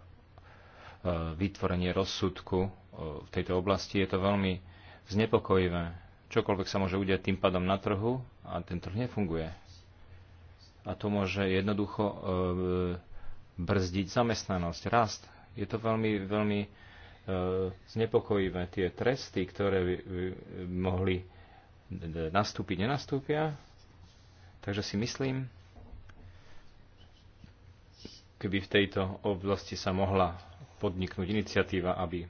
[SPEAKER 4] vytvorenie rozsudku v tejto oblasti, je to veľmi znepokojivé. Čokoľvek sa môže udiať tým pádom na trhu a ten trh nefunguje. A to môže jednoducho brzdiť zamestnanosť, rast. Je to veľmi, veľmi znepokojivé. Tie tresty, ktoré by mohli nastúpiť, nenastúpia. Takže si myslím, keby v tejto oblasti sa mohla podniknúť iniciatíva, aby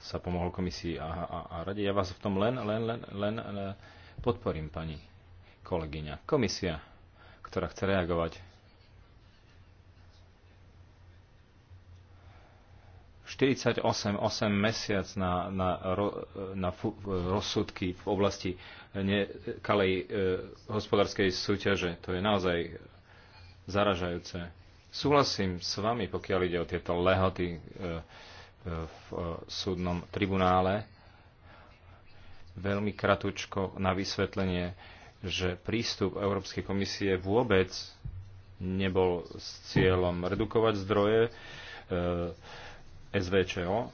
[SPEAKER 4] sa pomohol komisii a, a, a rade. Ja vás v tom len, len, len, len, len podporím, pani kolegyňa. Komisia, ktorá chce reagovať. 48 8 mesiac na, na, na fu, rozsudky v oblasti nekalej e, hospodárskej súťaže. To je naozaj zaražajúce. Súhlasím s vami, pokiaľ ide o tieto lehoty e, e, e, v súdnom tribunále. Veľmi kratučko na vysvetlenie, že prístup Európskej komisie vôbec nebol s cieľom redukovať zdroje SVČO.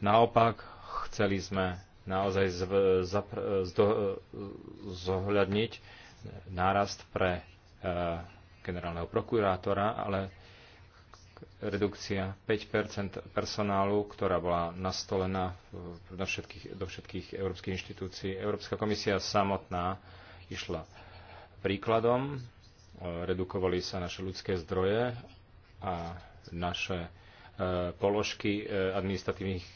[SPEAKER 4] Naopak, chceli sme naozaj zohľadniť nárast pre generálneho prokurátora, ale redukcia 5 personálu, ktorá bola nastolená do všetkých, do všetkých európskych inštitúcií. Európska komisia samotná išla príkladom, e, redukovali sa naše ľudské zdroje a naše e, položky e, administratívnych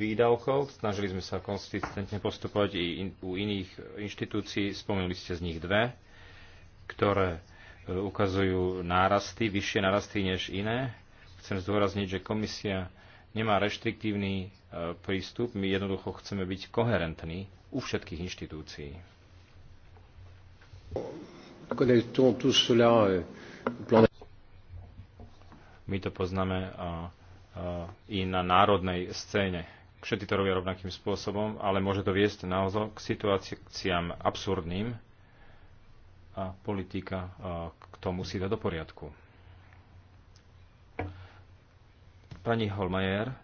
[SPEAKER 4] výdavkov. Snažili sme sa konsistentne postupovať i u iných inštitúcií. Spomenuli ste z nich dve, ktoré ukazujú nárasty, vyššie nárasty než iné. Chcem zdôrazniť, že komisia nemá reštriktívny e, prístup, my jednoducho chceme byť koherentní u všetkých inštitúcií.
[SPEAKER 1] Euh,
[SPEAKER 4] my to poznáme e, e, i na národnej scéne. Všetci to robia rovnakým spôsobom, ale môže to viesť naozaj k situáciám absurdným, a politika k tomu si dá do poriadku. Pani Holmajer,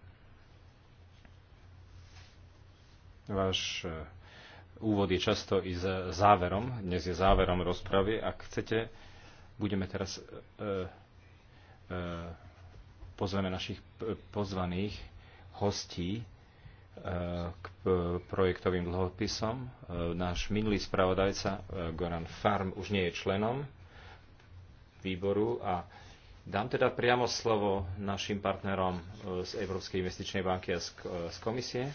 [SPEAKER 4] váš e, úvod je často i záverom, dnes je záverom rozpravy. Ak chcete, budeme teraz, e, e, pozveme našich pozvaných hostí, k projektovým dlhopisom. E, náš minulý spravodajca e, Goran Farm už nie je členom výboru a dám teda priamo slovo našim partnerom e, z Európskej investičnej banky a z komisie,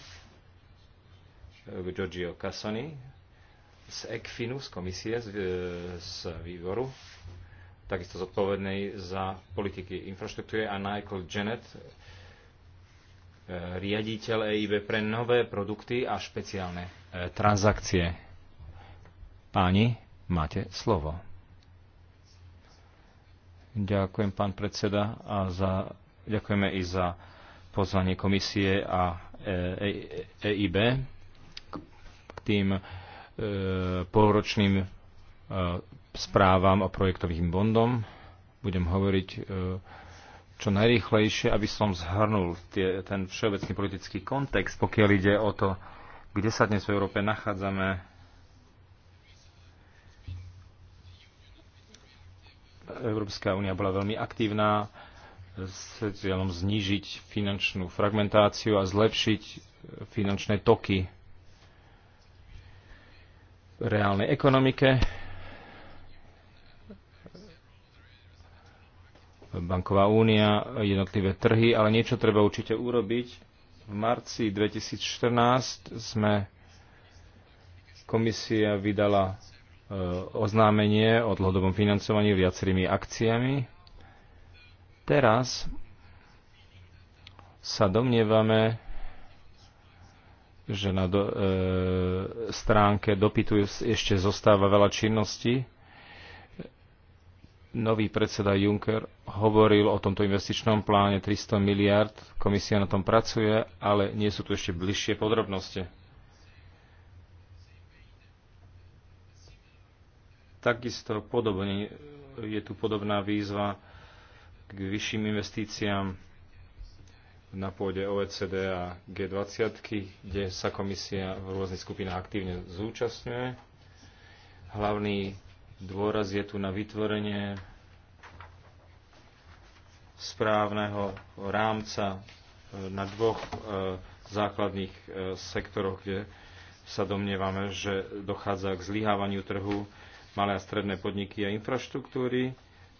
[SPEAKER 4] Giorgio Cassoni, z ECFINu, z komisie, z, výboru, takisto zodpovednej za politiky infraštruktúry a Michael Janet, E, riaditeľ EIB pre nové produkty a špeciálne e, transakcie. Páni, máte slovo. Ďakujem, pán predseda, a za, ďakujeme i za pozvanie komisie a EIB e, k tým polročným správam o projektovým bondom. Budem hovoriť čo najrýchlejšie, aby som zhrnul tie, ten všeobecný politický kontext, pokiaľ ide o to, kde sa dnes v Európe nachádzame. Európska únia bola veľmi aktívna s cieľom znížiť finančnú fragmentáciu a zlepšiť finančné toky v reálnej ekonomike banková únia, jednotlivé trhy, ale niečo treba určite urobiť. V marci 2014 sme komisia vydala e, oznámenie o dlhodobom financovaní viacerými akciami. Teraz sa domnievame, že na do, e, stránke dopytu ešte zostáva veľa činností nový predseda Juncker hovoril o tomto investičnom pláne 300 miliard, komisia na tom pracuje, ale nie sú tu ešte bližšie podrobnosti. Takisto podobne je tu podobná výzva k vyšším investíciám na pôde OECD a G20, kde sa komisia v rôznych skupinách aktívne zúčastňuje. Hlavný Dôraz je tu na vytvorenie správneho rámca e, na dvoch e, základných e, sektoroch, kde sa domnievame, že dochádza k zlyhávaniu trhu malé a stredné podniky a infraštruktúry.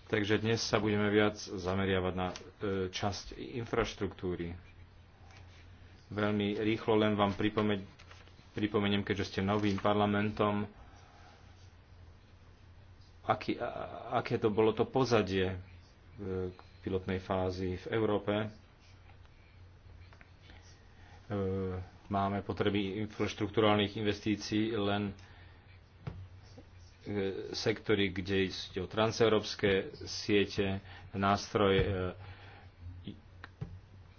[SPEAKER 4] Takže dnes sa budeme viac zameriavať na časť infraštruktúry. Veľmi rýchlo len vám pripomeniem, keďže ste novým parlamentom, aký, aké to bolo to pozadie v e, pilotnej fázi v Európe. E, máme potreby infraštruktúrálnych investícií len e, sektory, kde ide o transeurópske siete, nástroj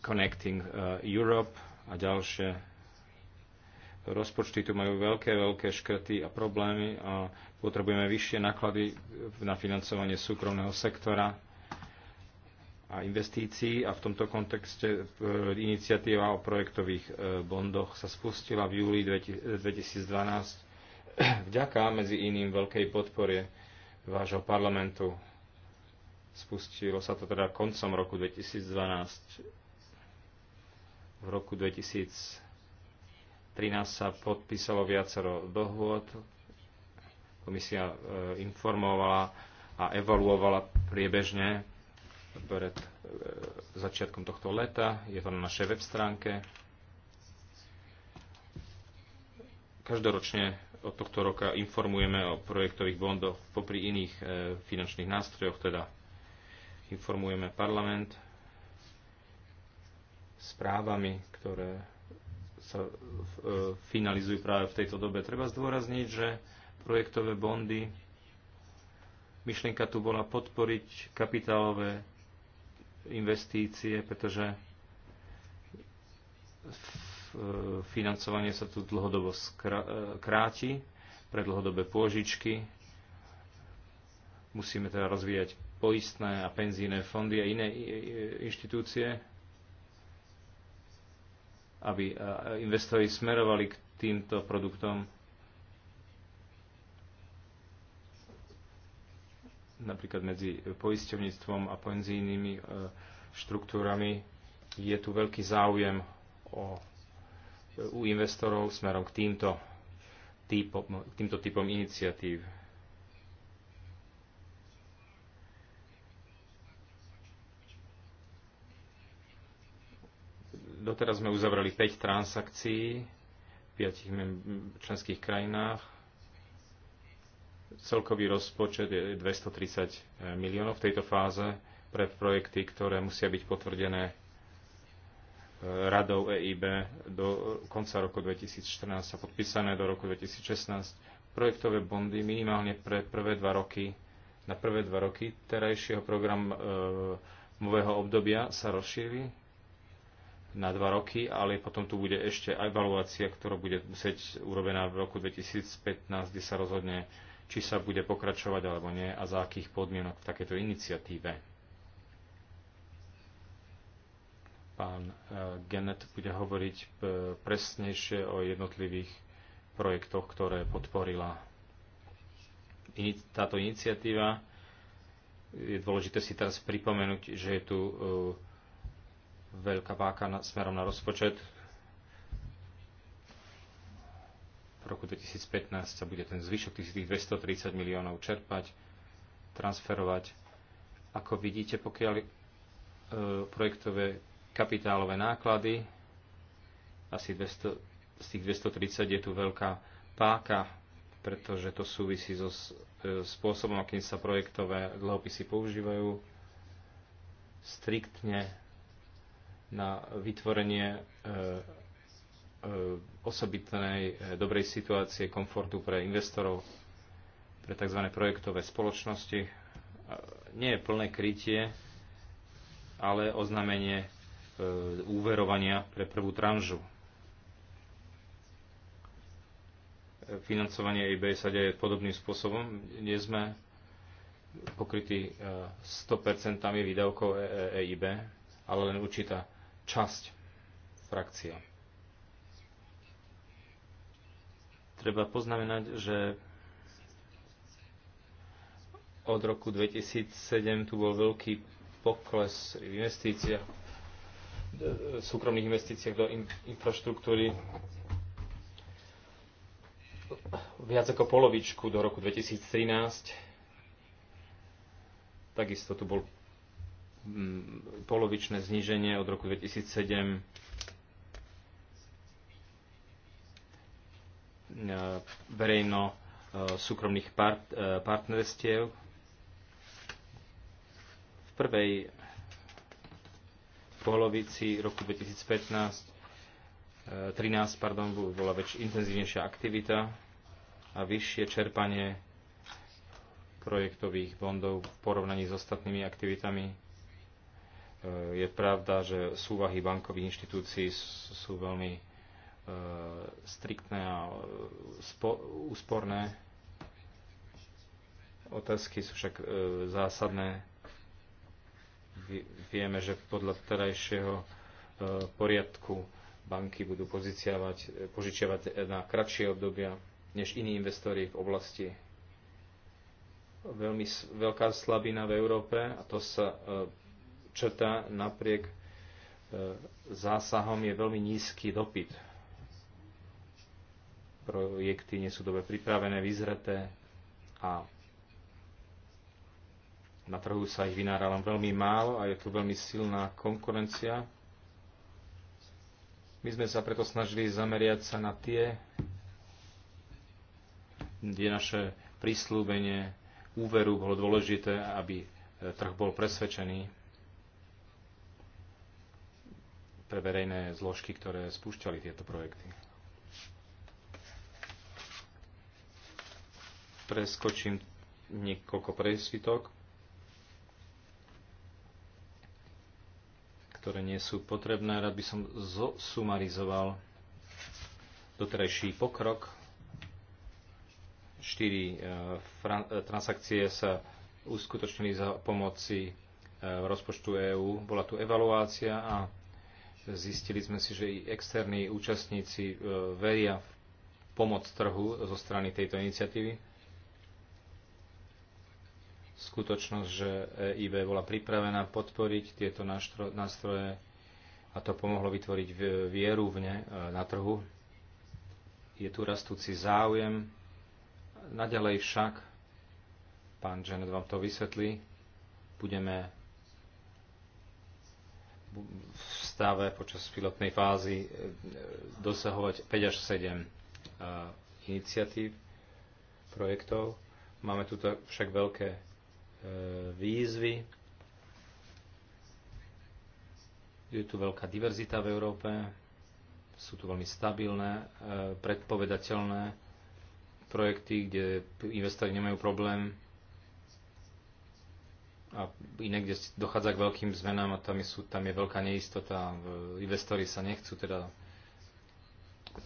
[SPEAKER 4] Connecting Europe a ďalšie rozpočty tu majú veľké, veľké škrty a problémy a potrebujeme vyššie náklady na financovanie súkromného sektora a investícií a v tomto kontexte e, iniciatíva o projektových e, bondoch sa spustila v júli 2012 [clears throat] vďaka medzi iným veľkej podpore vášho parlamentu. Spustilo sa to teda koncom roku 2012. V roku 2000 13 sa podpísalo viacero dohôd. Komisia e, informovala a evaluovala priebežne pred e, začiatkom tohto leta. Je to na našej web stránke. Každoročne od tohto roka informujeme o projektových bondoch popri iných e, finančných nástrojoch, teda informujeme parlament správami, ktoré sa e, finalizujú práve v tejto dobe. Treba zdôrazniť, že projektové bondy, myšlienka tu bola podporiť kapitálové investície, pretože e, financovanie sa tu dlhodobo e, kráti pre dlhodobé pôžičky. Musíme teda rozvíjať poistné a penzíne fondy a iné inštitúcie aby e, investori smerovali k týmto produktom. Napríklad medzi poisťovníctvom a penzijnými e, štruktúrami je tu veľký záujem o, e, u investorov smerom k týmto, týpom, týmto typom iniciatív. doteraz sme uzavreli 5 transakcií v 5 členských krajinách. Celkový rozpočet je 230 e, miliónov v tejto fáze pre projekty, ktoré musia byť potvrdené e, radou EIB do konca roku 2014 a podpísané do roku 2016. Projektové bondy minimálne pre prvé dva roky, na prvé dva roky terajšieho programového e, obdobia sa rozšírili na dva roky, ale potom tu bude ešte evaluácia, ktorá bude musieť urobená v roku 2015, kde sa rozhodne, či sa bude pokračovať alebo nie a za akých podmienok v takéto iniciatíve. Pán eh, Genet bude hovoriť eh, presnejšie o jednotlivých projektoch, ktoré podporila táto iniciatíva. Je dôležité si teraz pripomenúť, že je tu eh, veľká váka na, smerom na rozpočet. V roku 2015 sa bude ten zvyšok tých 230 miliónov čerpať, transferovať. Ako vidíte, pokiaľ e, projektové kapitálové náklady, asi 200, z tých 230 je tu veľká páka, pretože to súvisí so e, spôsobom, akým sa projektové dlhopisy používajú. Striktne na vytvorenie e, e, osobitnej e, dobrej situácie komfortu pre investorov, pre tzv. projektové spoločnosti. Nie je plné krytie, ale oznámenie úverovania pre prvú tranžu. Financovanie IB sa deje podobným spôsobom. Nie sme pokrytí 100% výdavkov EIB, ale len určitá časť frakcie. Treba poznamenať, že od roku 2007 tu bol veľký pokles v investíciách, v súkromných investíciách do in, infraštruktúry viac ako polovičku do roku 2013. Takisto tu bol Mm, polovičné zníženie od roku 2007 verejno e, súkromných part, e, partnerstiev. V prvej polovici roku 2015 13 e, pardon, bola väčš intenzívnejšia aktivita a vyššie čerpanie projektových bondov v porovnaní s ostatnými aktivitami Eh, je pravda, že súvahy bankových inštitúcií sú veľmi eh, striktné a eh, úsporné. Otázky sú však zásadné. Vieme, že podľa terajšieho poriadku banky budú požičiavať na kratšie obdobia než iní investori v oblasti veľmi veľká slabina v Európe a to sa črta napriek e, zásahom je veľmi nízky dopyt. Projekty nie sú dobre pripravené, vyzreté a na trhu sa ich vynára len veľmi málo a je tu veľmi silná konkurencia. My sme sa preto snažili zameriať sa na tie, kde naše prislúbenie úveru bolo dôležité, aby e, trh bol presvedčený pre verejné zložky, ktoré spúšťali tieto projekty. Preskočím niekoľko presvitok, ktoré nie sú potrebné. Rád by som zosumarizoval doterajší pokrok. Štyri e, e, transakcie sa uskutočnili za pomoci e, rozpočtu EÚ. Bola tu evaluácia a Zistili sme si, že i externí účastníci e, veria v pomoc trhu zo strany tejto iniciatívy. Skutočnosť, že EIB bola pripravená podporiť tieto nástroje a to pomohlo vytvoriť vieru v ne e, na trhu. Je tu rastúci záujem. Naďalej však, pán Janet vám to vysvetlí, budeme stave počas pilotnej fázy e, dosahovať 5 až 7 e, iniciatív, projektov. Máme tu však veľké e, výzvy. Je tu veľká diverzita v Európe. Sú tu veľmi stabilné, predpovedateľné projekty, kde investori nemajú problém a iné, kde dochádza k veľkým zmenám a tam, sú, tam je veľká neistota. Investori sa nechcú teda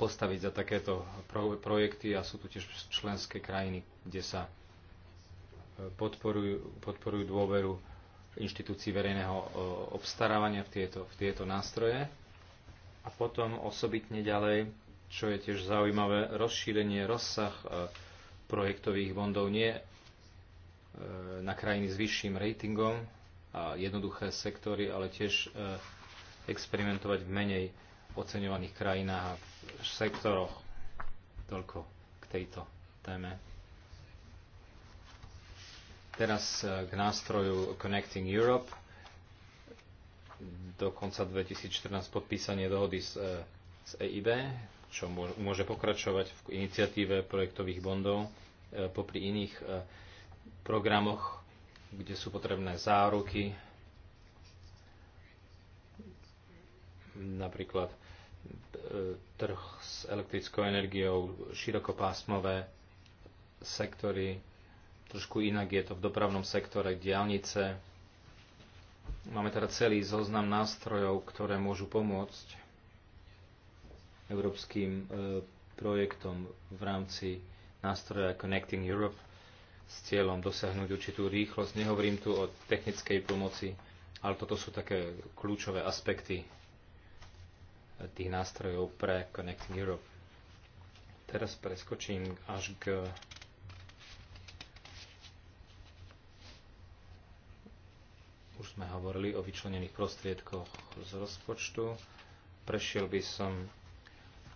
[SPEAKER 4] postaviť za takéto projekty a sú tu tiež členské krajiny, kde sa e, podporujú, podporujú dôveru inštitúcií verejného e, obstarávania v tieto, v tieto nástroje. A potom osobitne ďalej, čo je tiež zaujímavé, rozšírenie rozsah e, projektových bondov nie E, na krajiny s vyšším ratingom a jednoduché sektory, ale tiež e, experimentovať v menej oceňovaných krajinách a sektoroch. Toľko k tejto téme. Teraz e, k nástroju Connecting Europe. Do konca 2014 podpísanie dohody s, s EIB, čo môže pokračovať v iniciatíve projektových bondov popri iných programoch, kde sú potrebné záruky, napríklad e, trh s elektrickou energiou, širokopásmové sektory, trošku inak je to v dopravnom sektore, diálnice. Máme teda celý zoznam nástrojov, ktoré môžu pomôcť európskym e, projektom v rámci nástroja Connecting Europe s cieľom dosiahnuť určitú rýchlosť. Nehovorím tu o technickej pomoci, ale toto sú také kľúčové aspekty tých nástrojov pre Connecting Europe. Teraz preskočím až k Už sme hovorili o vyčlenených prostriedkoch z rozpočtu. Prešiel by som,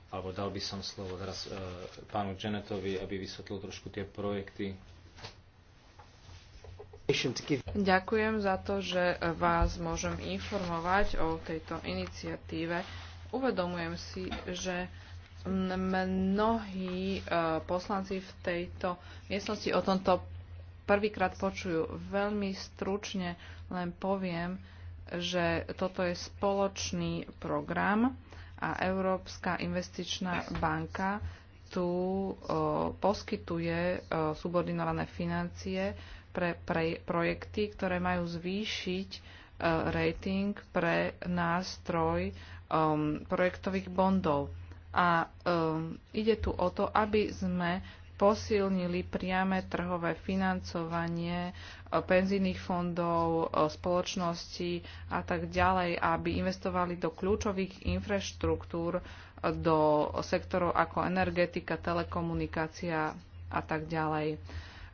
[SPEAKER 4] alebo dal by som slovo teraz e, pánu Janetovi, aby vysvetlil trošku tie projekty,
[SPEAKER 3] Ďakujem za to, že vás môžem informovať o tejto iniciatíve. Uvedomujem si, že mnohí e, poslanci v tejto miestnosti o tomto prvýkrát počujú. Veľmi stručne len poviem, že toto je spoločný program a Európska investičná banka tu e, poskytuje e, subordinované financie pre, pre projekty, ktoré majú zvýšiť uh, rating pre nástroj um, projektových bondov. A um, ide tu o to, aby sme posilnili priame trhové financovanie e, penzijných fondov, e, spoločností a tak ďalej, aby investovali do kľúčových infraštruktúr, do sektorov ako energetika, telekomunikácia a tak ďalej.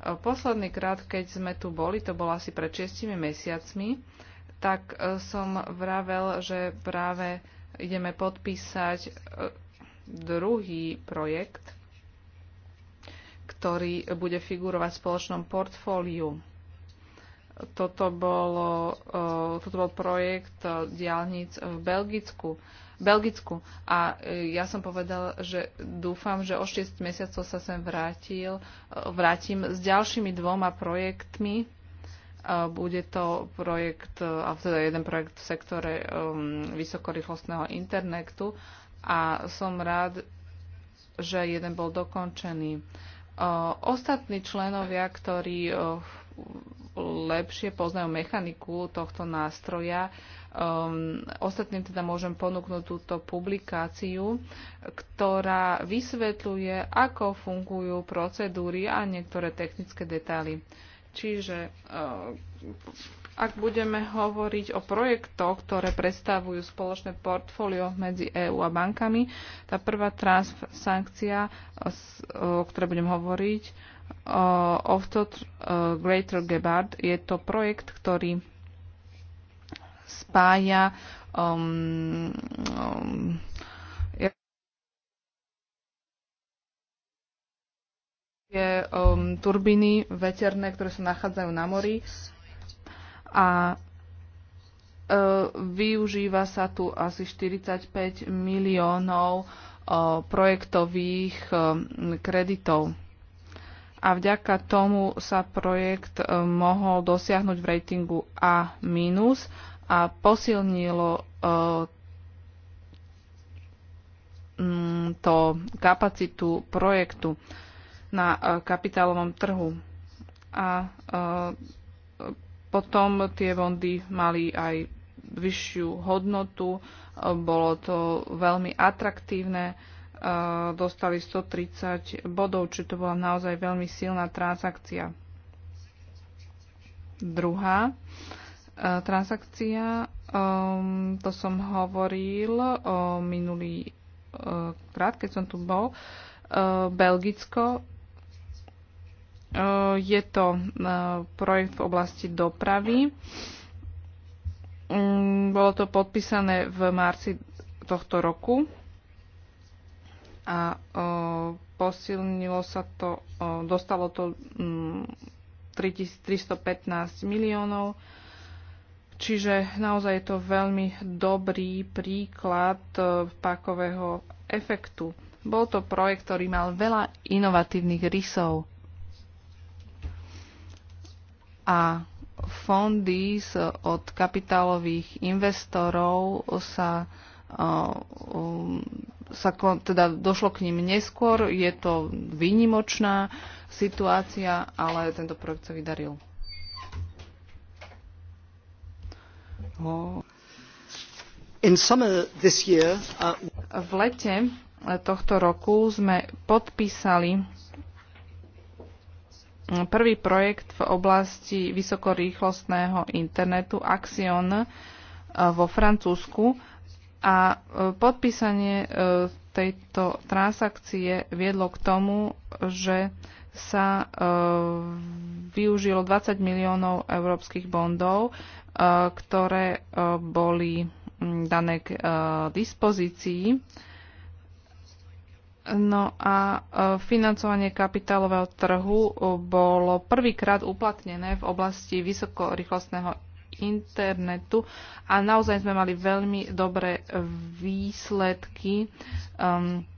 [SPEAKER 3] E, posledný krát, keď sme tu boli, to bolo asi pred 6 mesiacmi, tak e, som vravel, že práve ideme podpísať e, druhý projekt, ktorý bude figurovať v spoločnom portfóliu. Toto, bolo, toto bol projekt diálnic v Belgicku Belgicku. A e, ja som povedal, že dúfam, že o 6 mesiacov sa sem vrátil, e, vrátim s ďalšími dvoma projektmi. E, bude to projekt, a teda jeden projekt v sektore vysokorýchlostného internetu a som rád, že jeden bol dokončený. Ostatní členovia, ktorí lepšie poznajú mechaniku tohto nástroja, Um, ostatným teda môžem ponúknuť túto publikáciu, ktorá vysvetľuje, ako fungujú procedúry a niektoré technické detaily. Čiže uh, ak budeme hovoriť o projektoch, ktoré predstavujú spoločné portfólio medzi EÚ a bankami, tá prvá transakcia, o ktorej budem hovoriť, uh, Greater Gebard, je to projekt, ktorý spája um, um, um, turbíny veterné, ktoré sa nachádzajú na mori a uh, využíva sa tu asi 45 miliónov uh, projektových uh, kreditov. A vďaka tomu sa projekt um, mohol dosiahnuť v ratingu A- a posilnilo e, mm, to kapacitu projektu na e, kapitálovom trhu. A e, potom tie bondy mali aj vyššiu hodnotu, bolo to veľmi atraktívne, dostali 130 bodov, či to bola naozaj veľmi silná transakcia. Druhá Eh, transakcia, um, to som hovoril o eh, minulý uh, krát, keď som tu bol, uh, Belgicko. Uh, je to uh, projekt v oblasti dopravy. Um, bolo to podpísané v marci tohto roku a uh, posilnilo sa to, uh, dostalo to um, mm, 3315 miliónov. Čiže naozaj je to veľmi dobrý príklad e, pákového efektu. Bol to projekt, ktorý mal veľa inovatívnych rysov. A fondy od kapitálových investorov sa, e, um, sa teda došlo k ním neskôr. Je to výnimočná situácia, ale tento projekt sa vydaril. Uh, v lete tohto roku sme podpísali prvý projekt v oblasti vysokorýchlostného internetu Axion uh, vo Francúzsku a uh, podpísanie tejto transakcie viedlo k tomu, že sa e, využilo 20 miliónov európskych bondov, e, ktoré e, boli dané k dispozícii. No a financovanie kapitálového trhu bolo prvýkrát uplatnené v oblasti vysokorýchlostného internetu a naozaj sme mali veľmi dobré výsledky. Um,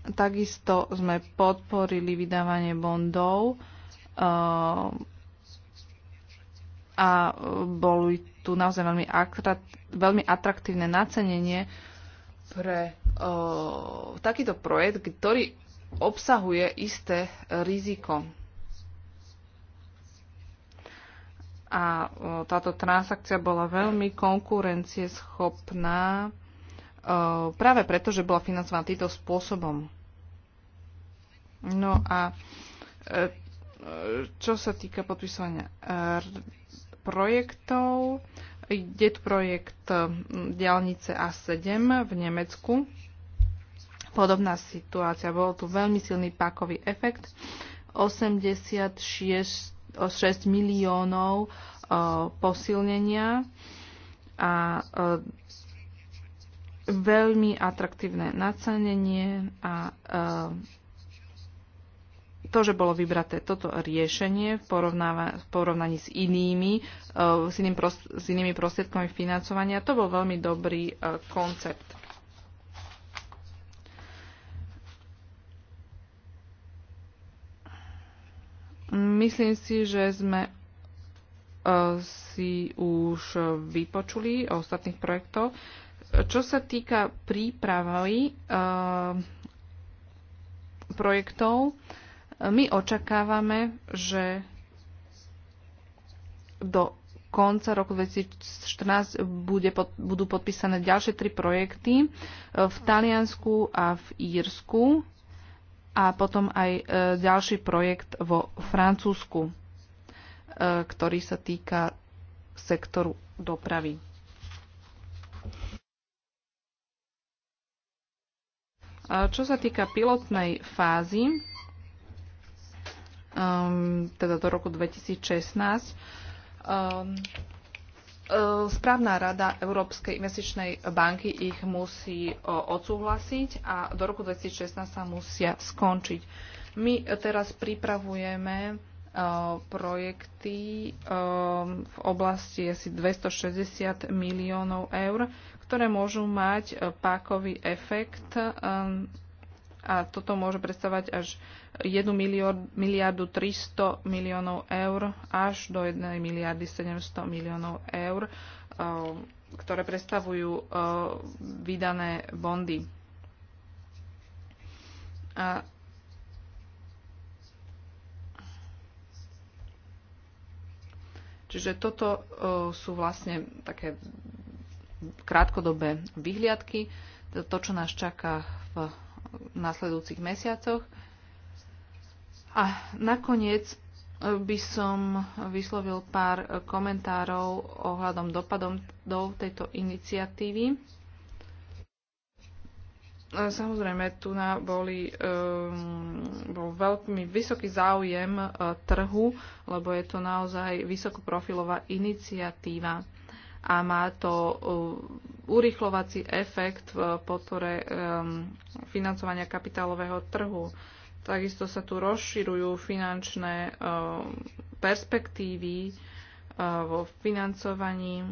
[SPEAKER 3] Takisto sme podporili vydávanie bondov eh, a boli tu naozaj veľmi, atrat, veľmi atraktívne nacenenie pre eh, takýto projekt, ktorý obsahuje isté riziko. A eh, táto transakcia bola veľmi konkurencieschopná Eh, práve preto, že bola financovaná týmto spôsobom. No a eh, čo sa týka podpisovania eh, projektov, ide tu projekt hm, diálnice A7 v Nemecku. Podobná situácia, bol tu veľmi silný pákový efekt. 86 miliónov posilnenia a veľmi atraktívne nacenenie a e, to, že bolo vybraté toto riešenie v, v porovnaní s inými, e, s, iným s inými prostriedkami financovania, to bol veľmi dobrý e, koncept. Myslím si, že sme si už vypočuli o ostatných projektoch. Čo sa týka prípravy eh, projektov, my očakávame, že do konca roku 2014 bude budú podpísané ďalšie tri projekty eh, v Taliansku a v Írsku a potom aj eh, ďalší projekt vo Francúzsku, ktorý sa týka sektoru dopravy. Čo sa týka pilotnej fázy, um, teda do roku 2016, um, uh, správna rada Európskej investičnej banky ich musí odsúhlasiť a do roku 2016 sa musia skončiť. My teraz pripravujeme uh, projekty um, v oblasti asi 260 miliónov eur ktoré môžu mať e, pákový efekt e, a toto môže predstavovať až 1 miliardu 300 miliónov eur až do 1 miliardy 700 miliónov eur, e, ktoré predstavujú vydané bondy. A Čiže toto sú vlastne také krátkodobé vyhliadky, to, čo nás čaká v nasledujúcich mesiacoch. A nakoniec e, by som vyslovil pár e, komentárov ohľadom dopadom do tejto iniciatívy. E, samozrejme, tu na boli, um, bol veľmi vysoký záujem uh, trhu, lebo je to naozaj vysokoprofilová iniciatíva a má to uh, urychlovací efekt v podpore um, financovania kapitálového trhu. Takisto sa tu rozširujú finančné uh, perspektívy uh, vo financovaní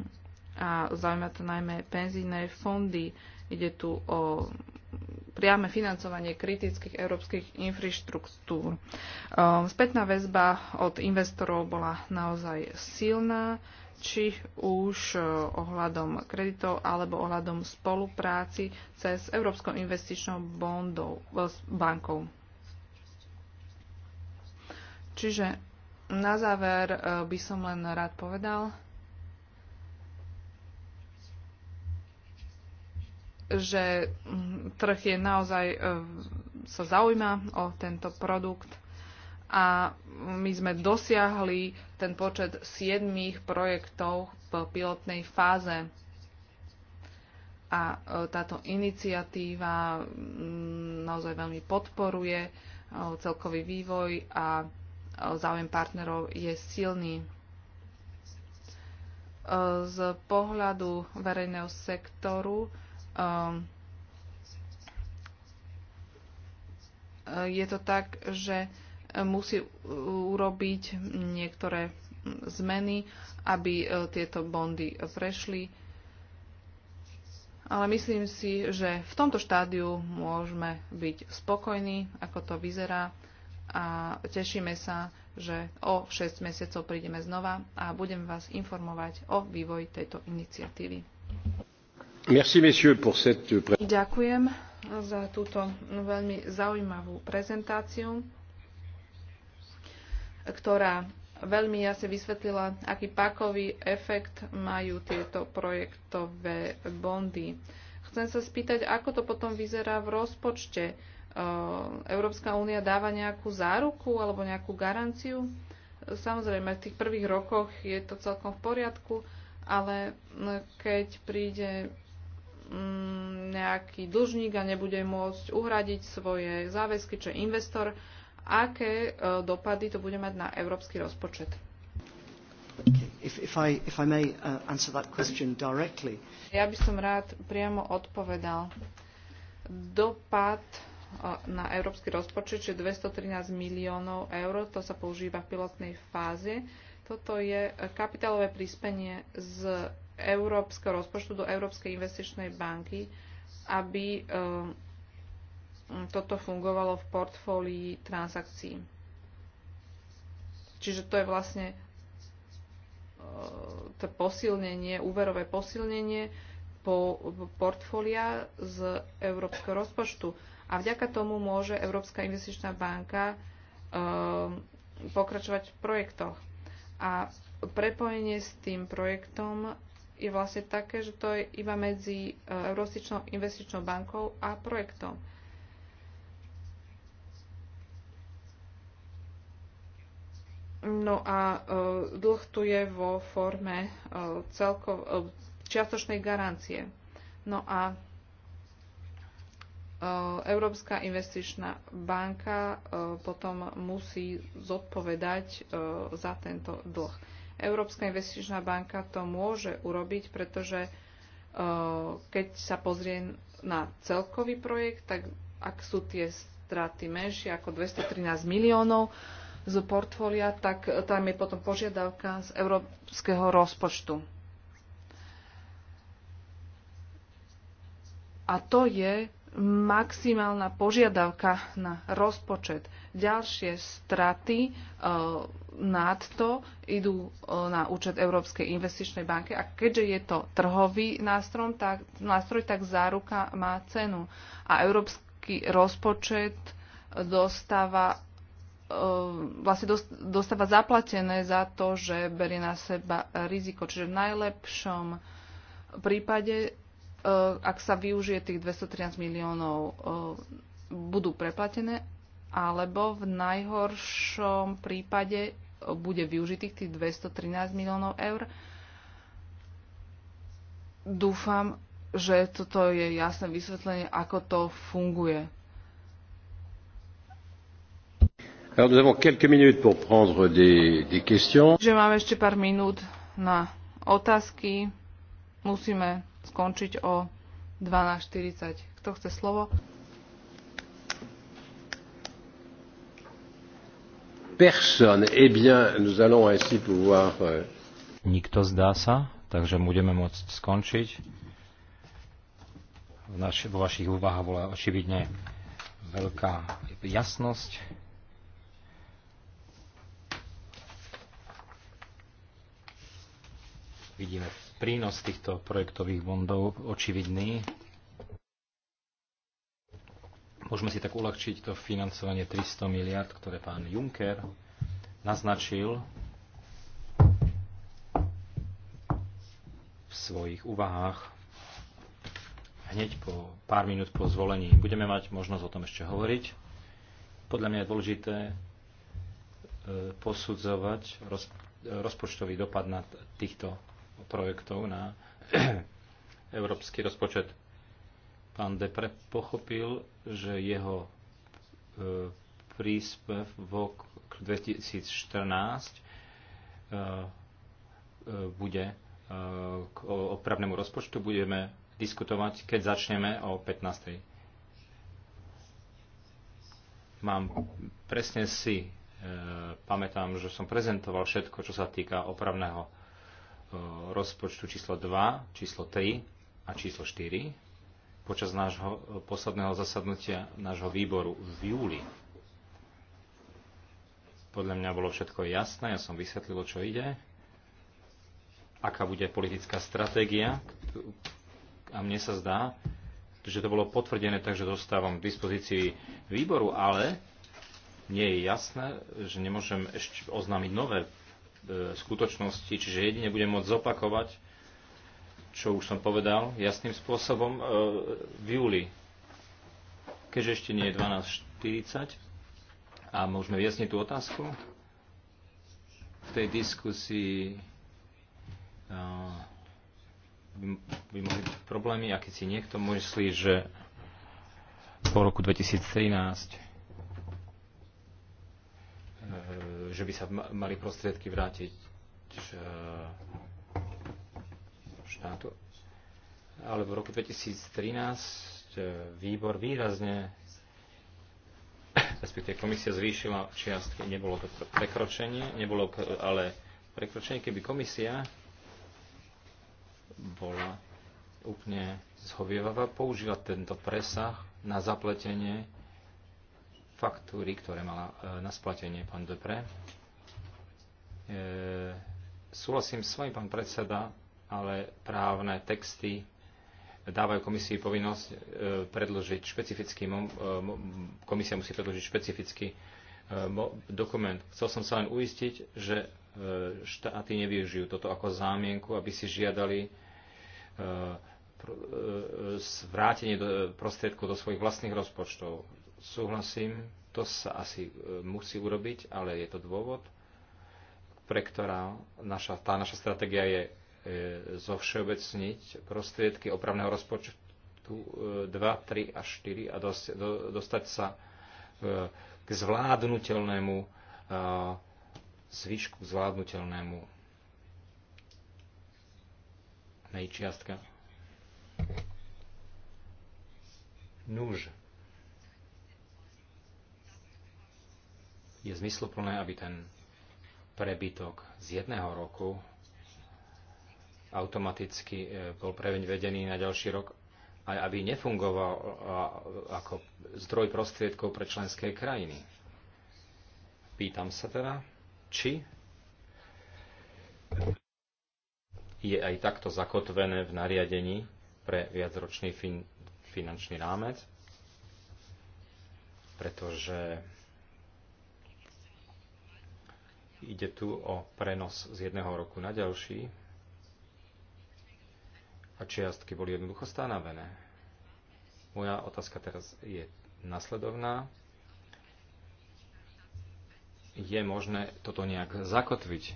[SPEAKER 3] a zaujíma to najmä penzíne fondy. Ide tu o priame financovanie kritických európskych infraštruktúr. Um, spätná väzba od investorov bola naozaj silná či už e, ohľadom kreditov alebo ohľadom spolupráci cez Európskou investičnou bondou, e, bankou. Čiže na záver e, by som len rád povedal, že mm, trh je naozaj sa zaujíma o tento produkt a my sme dosiahli ten počet 7 projektov v pilotnej fáze. A e, táto iniciatíva mm, naozaj veľmi podporuje e, celkový vývoj a e, záujem partnerov je silný. Z pohľadu verejného sektoru je to tak, že musí e, urobiť niektoré zmeny, aby e, tieto bondy prešli. Ale myslím si, že v tomto štádiu môžeme byť spokojní, ako to vyzerá a tešíme sa, že o 6 mesiacov prídeme znova a budem vás informovať o vývoji tejto iniciatívy.
[SPEAKER 1] Merci, pour cette...
[SPEAKER 3] Ďakujem za túto veľmi zaujímavú prezentáciu ktorá veľmi jasne vysvetlila, aký pakový efekt majú tieto projektové bondy. Chcem sa spýtať, ako to potom vyzerá v rozpočte. Európska únia dáva nejakú záruku alebo nejakú garanciu? Samozrejme, v tých prvých rokoch je to celkom v poriadku, ale keď príde mm, nejaký dlžník a nebude môcť uhradiť svoje záväzky, čo je investor, aké e, dopady to bude mať na európsky rozpočet.
[SPEAKER 2] Uh,
[SPEAKER 3] ja by som rád priamo odpovedal. Dopad e, na európsky rozpočet, čiže 213 miliónov eur, to sa používa v pilotnej fáze. Toto je kapitálové prispenie z európskeho rozpočtu do Európskej investičnej banky, aby e, toto fungovalo v portfólii transakcií. Čiže to je vlastne e, to posilnenie, úverové posilnenie po portfólia z európskeho rozpočtu. A vďaka tomu môže Európska investičná banka e, pokračovať v projektoch. A prepojenie s tým projektom je vlastne také, že to je iba medzi e, Európskou investičnou bankou a projektom. No a e, dlh tu je vo forme e, celkov, e, čiastočnej garancie. No a Európska investičná banka potom musí zodpovedať za tento dlh. Európska investičná banka to môže urobiť, pretože keď sa pozrie na celkový projekt, tak ak sú tie straty menšie ako 213 miliónov, z portfólia, tak tam je potom požiadavka z európskeho rozpočtu. A to je maximálna požiadavka na rozpočet. Ďalšie straty e, nad to idú e, na účet Európskej investičnej banky a keďže je to trhový nástroj, tak, nástroj, tak záruka má cenu. A európsky rozpočet dostáva E, vlastne dostáva zaplatené za to, že berie na seba riziko. Čiže v najlepšom prípade, e, ak sa využije tých 213 miliónov, e, budú preplatené, alebo v najhoršom prípade bude využitých tých 213 miliónov eur. Dúfam, že toto je jasné vysvetlenie, ako to funguje.
[SPEAKER 1] Alors Že
[SPEAKER 3] máme ešte pár minút na otázky. Musíme skončiť o 12.40. Kto chce slovo?
[SPEAKER 1] Eh euh, Nikto zdá sa,
[SPEAKER 4] takže budeme môcť skončiť.
[SPEAKER 1] V naš- vo vašich úvahách
[SPEAKER 4] bola očividne veľká jasnosť. Vidíme prínos týchto projektových bondov očividný. Môžeme si tak uľahčiť to financovanie 300 miliard, ktoré pán Juncker naznačil v svojich úvahách hneď po pár minút po zvolení. Budeme mať možnosť o tom ešte hovoriť. Podľa mňa je dôležité e, posudzovať e, rozpočtový dopad na týchto projektov na [clears throat] európsky rozpočet. Pán Depre pochopil, že jeho v roku 2014 bude e, k opravnému rozpočtu. Budeme diskutovať, keď začneme o 15. Mám presne si e, pamätám, že som prezentoval všetko, čo sa týka opravného E, rozpočtu číslo 2, číslo 3 a číslo 4 počas nášho e, posledného zasadnutia nášho výboru v júli. Podľa mňa bolo všetko jasné, ja som vysvetlil, čo ide, aká bude politická stratégia a mne sa zdá, že to bolo potvrdené, takže dostávam k dispozícii výboru, ale nie je jasné, že nemôžem ešte oznámiť nové E, skutočnosti, čiže jedine budem môcť zopakovať, čo už som povedal, jasným spôsobom e, v júli, keďže ešte nie je 12.40 a môžeme vyjasniť tú otázku. V tej diskusii e, by mohli byť problémy, a keď si niekto myslí, že po roku 2013 že by sa mali prostriedky vrátiť eh, štátu. Ale v roku 2013 eh, výbor výrazne, respektíve komisia zvýšila čiastky. Nebolo to prekročenie, nebolo ale prekročenie, keby komisia bola úplne zhovievavá, použila tento presah na zapletenie faktúry, ktoré mala e, na splatenie pán Depre. E, súhlasím s vami, pán predseda, ale právne texty dávajú komisii povinnosť e, predložiť špecifický, e, mo, komisia musí predložiť špecifický e, mo, dokument. Chcel som sa len uistiť, že e, štáty nevyužijú toto ako zámienku, aby si žiadali e, vrátenie prostriedku do svojich vlastných rozpočtov Súhlasím, to sa asi e, musí urobiť, ale je to dôvod, pre ktorá naša, tá naša stratégia je e, zovšeobecniť prostriedky opravného rozpočtu 2, e, 3 a 4 a dos, do, dostať sa e, k zvládnutelnému e, zvyšku, k zvládnutelnému nejčiastka. Núž. je zmysluplné, aby ten prebytok z jedného roku automaticky e, bol prevedený na ďalší rok aj aby nefungoval e, ako zdroj prostriedkov pre členské krajiny. Pýtam sa teda, či je aj takto zakotvené v nariadení pre viacročný fin- finančný rámec, pretože Ide tu o prenos z jedného roku na ďalší a čiastky boli jednoducho stanovené. Moja otázka teraz je nasledovná. Je možné toto nejak zakotviť,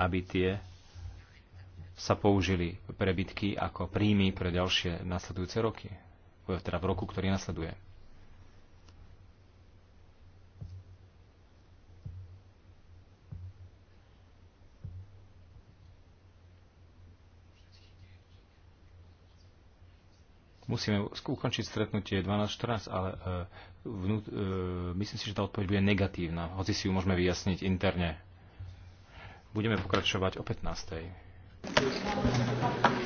[SPEAKER 4] aby tie sa použili prebytky ako príjmy pre ďalšie nasledujúce roky, teda v roku, ktorý nasleduje. musíme ukončiť stretnutie 12.14, ale e, vnú, e, myslím si, že tá odpoveď bude negatívna, hoci si ju môžeme vyjasniť interne. Budeme pokračovať o
[SPEAKER 5] you.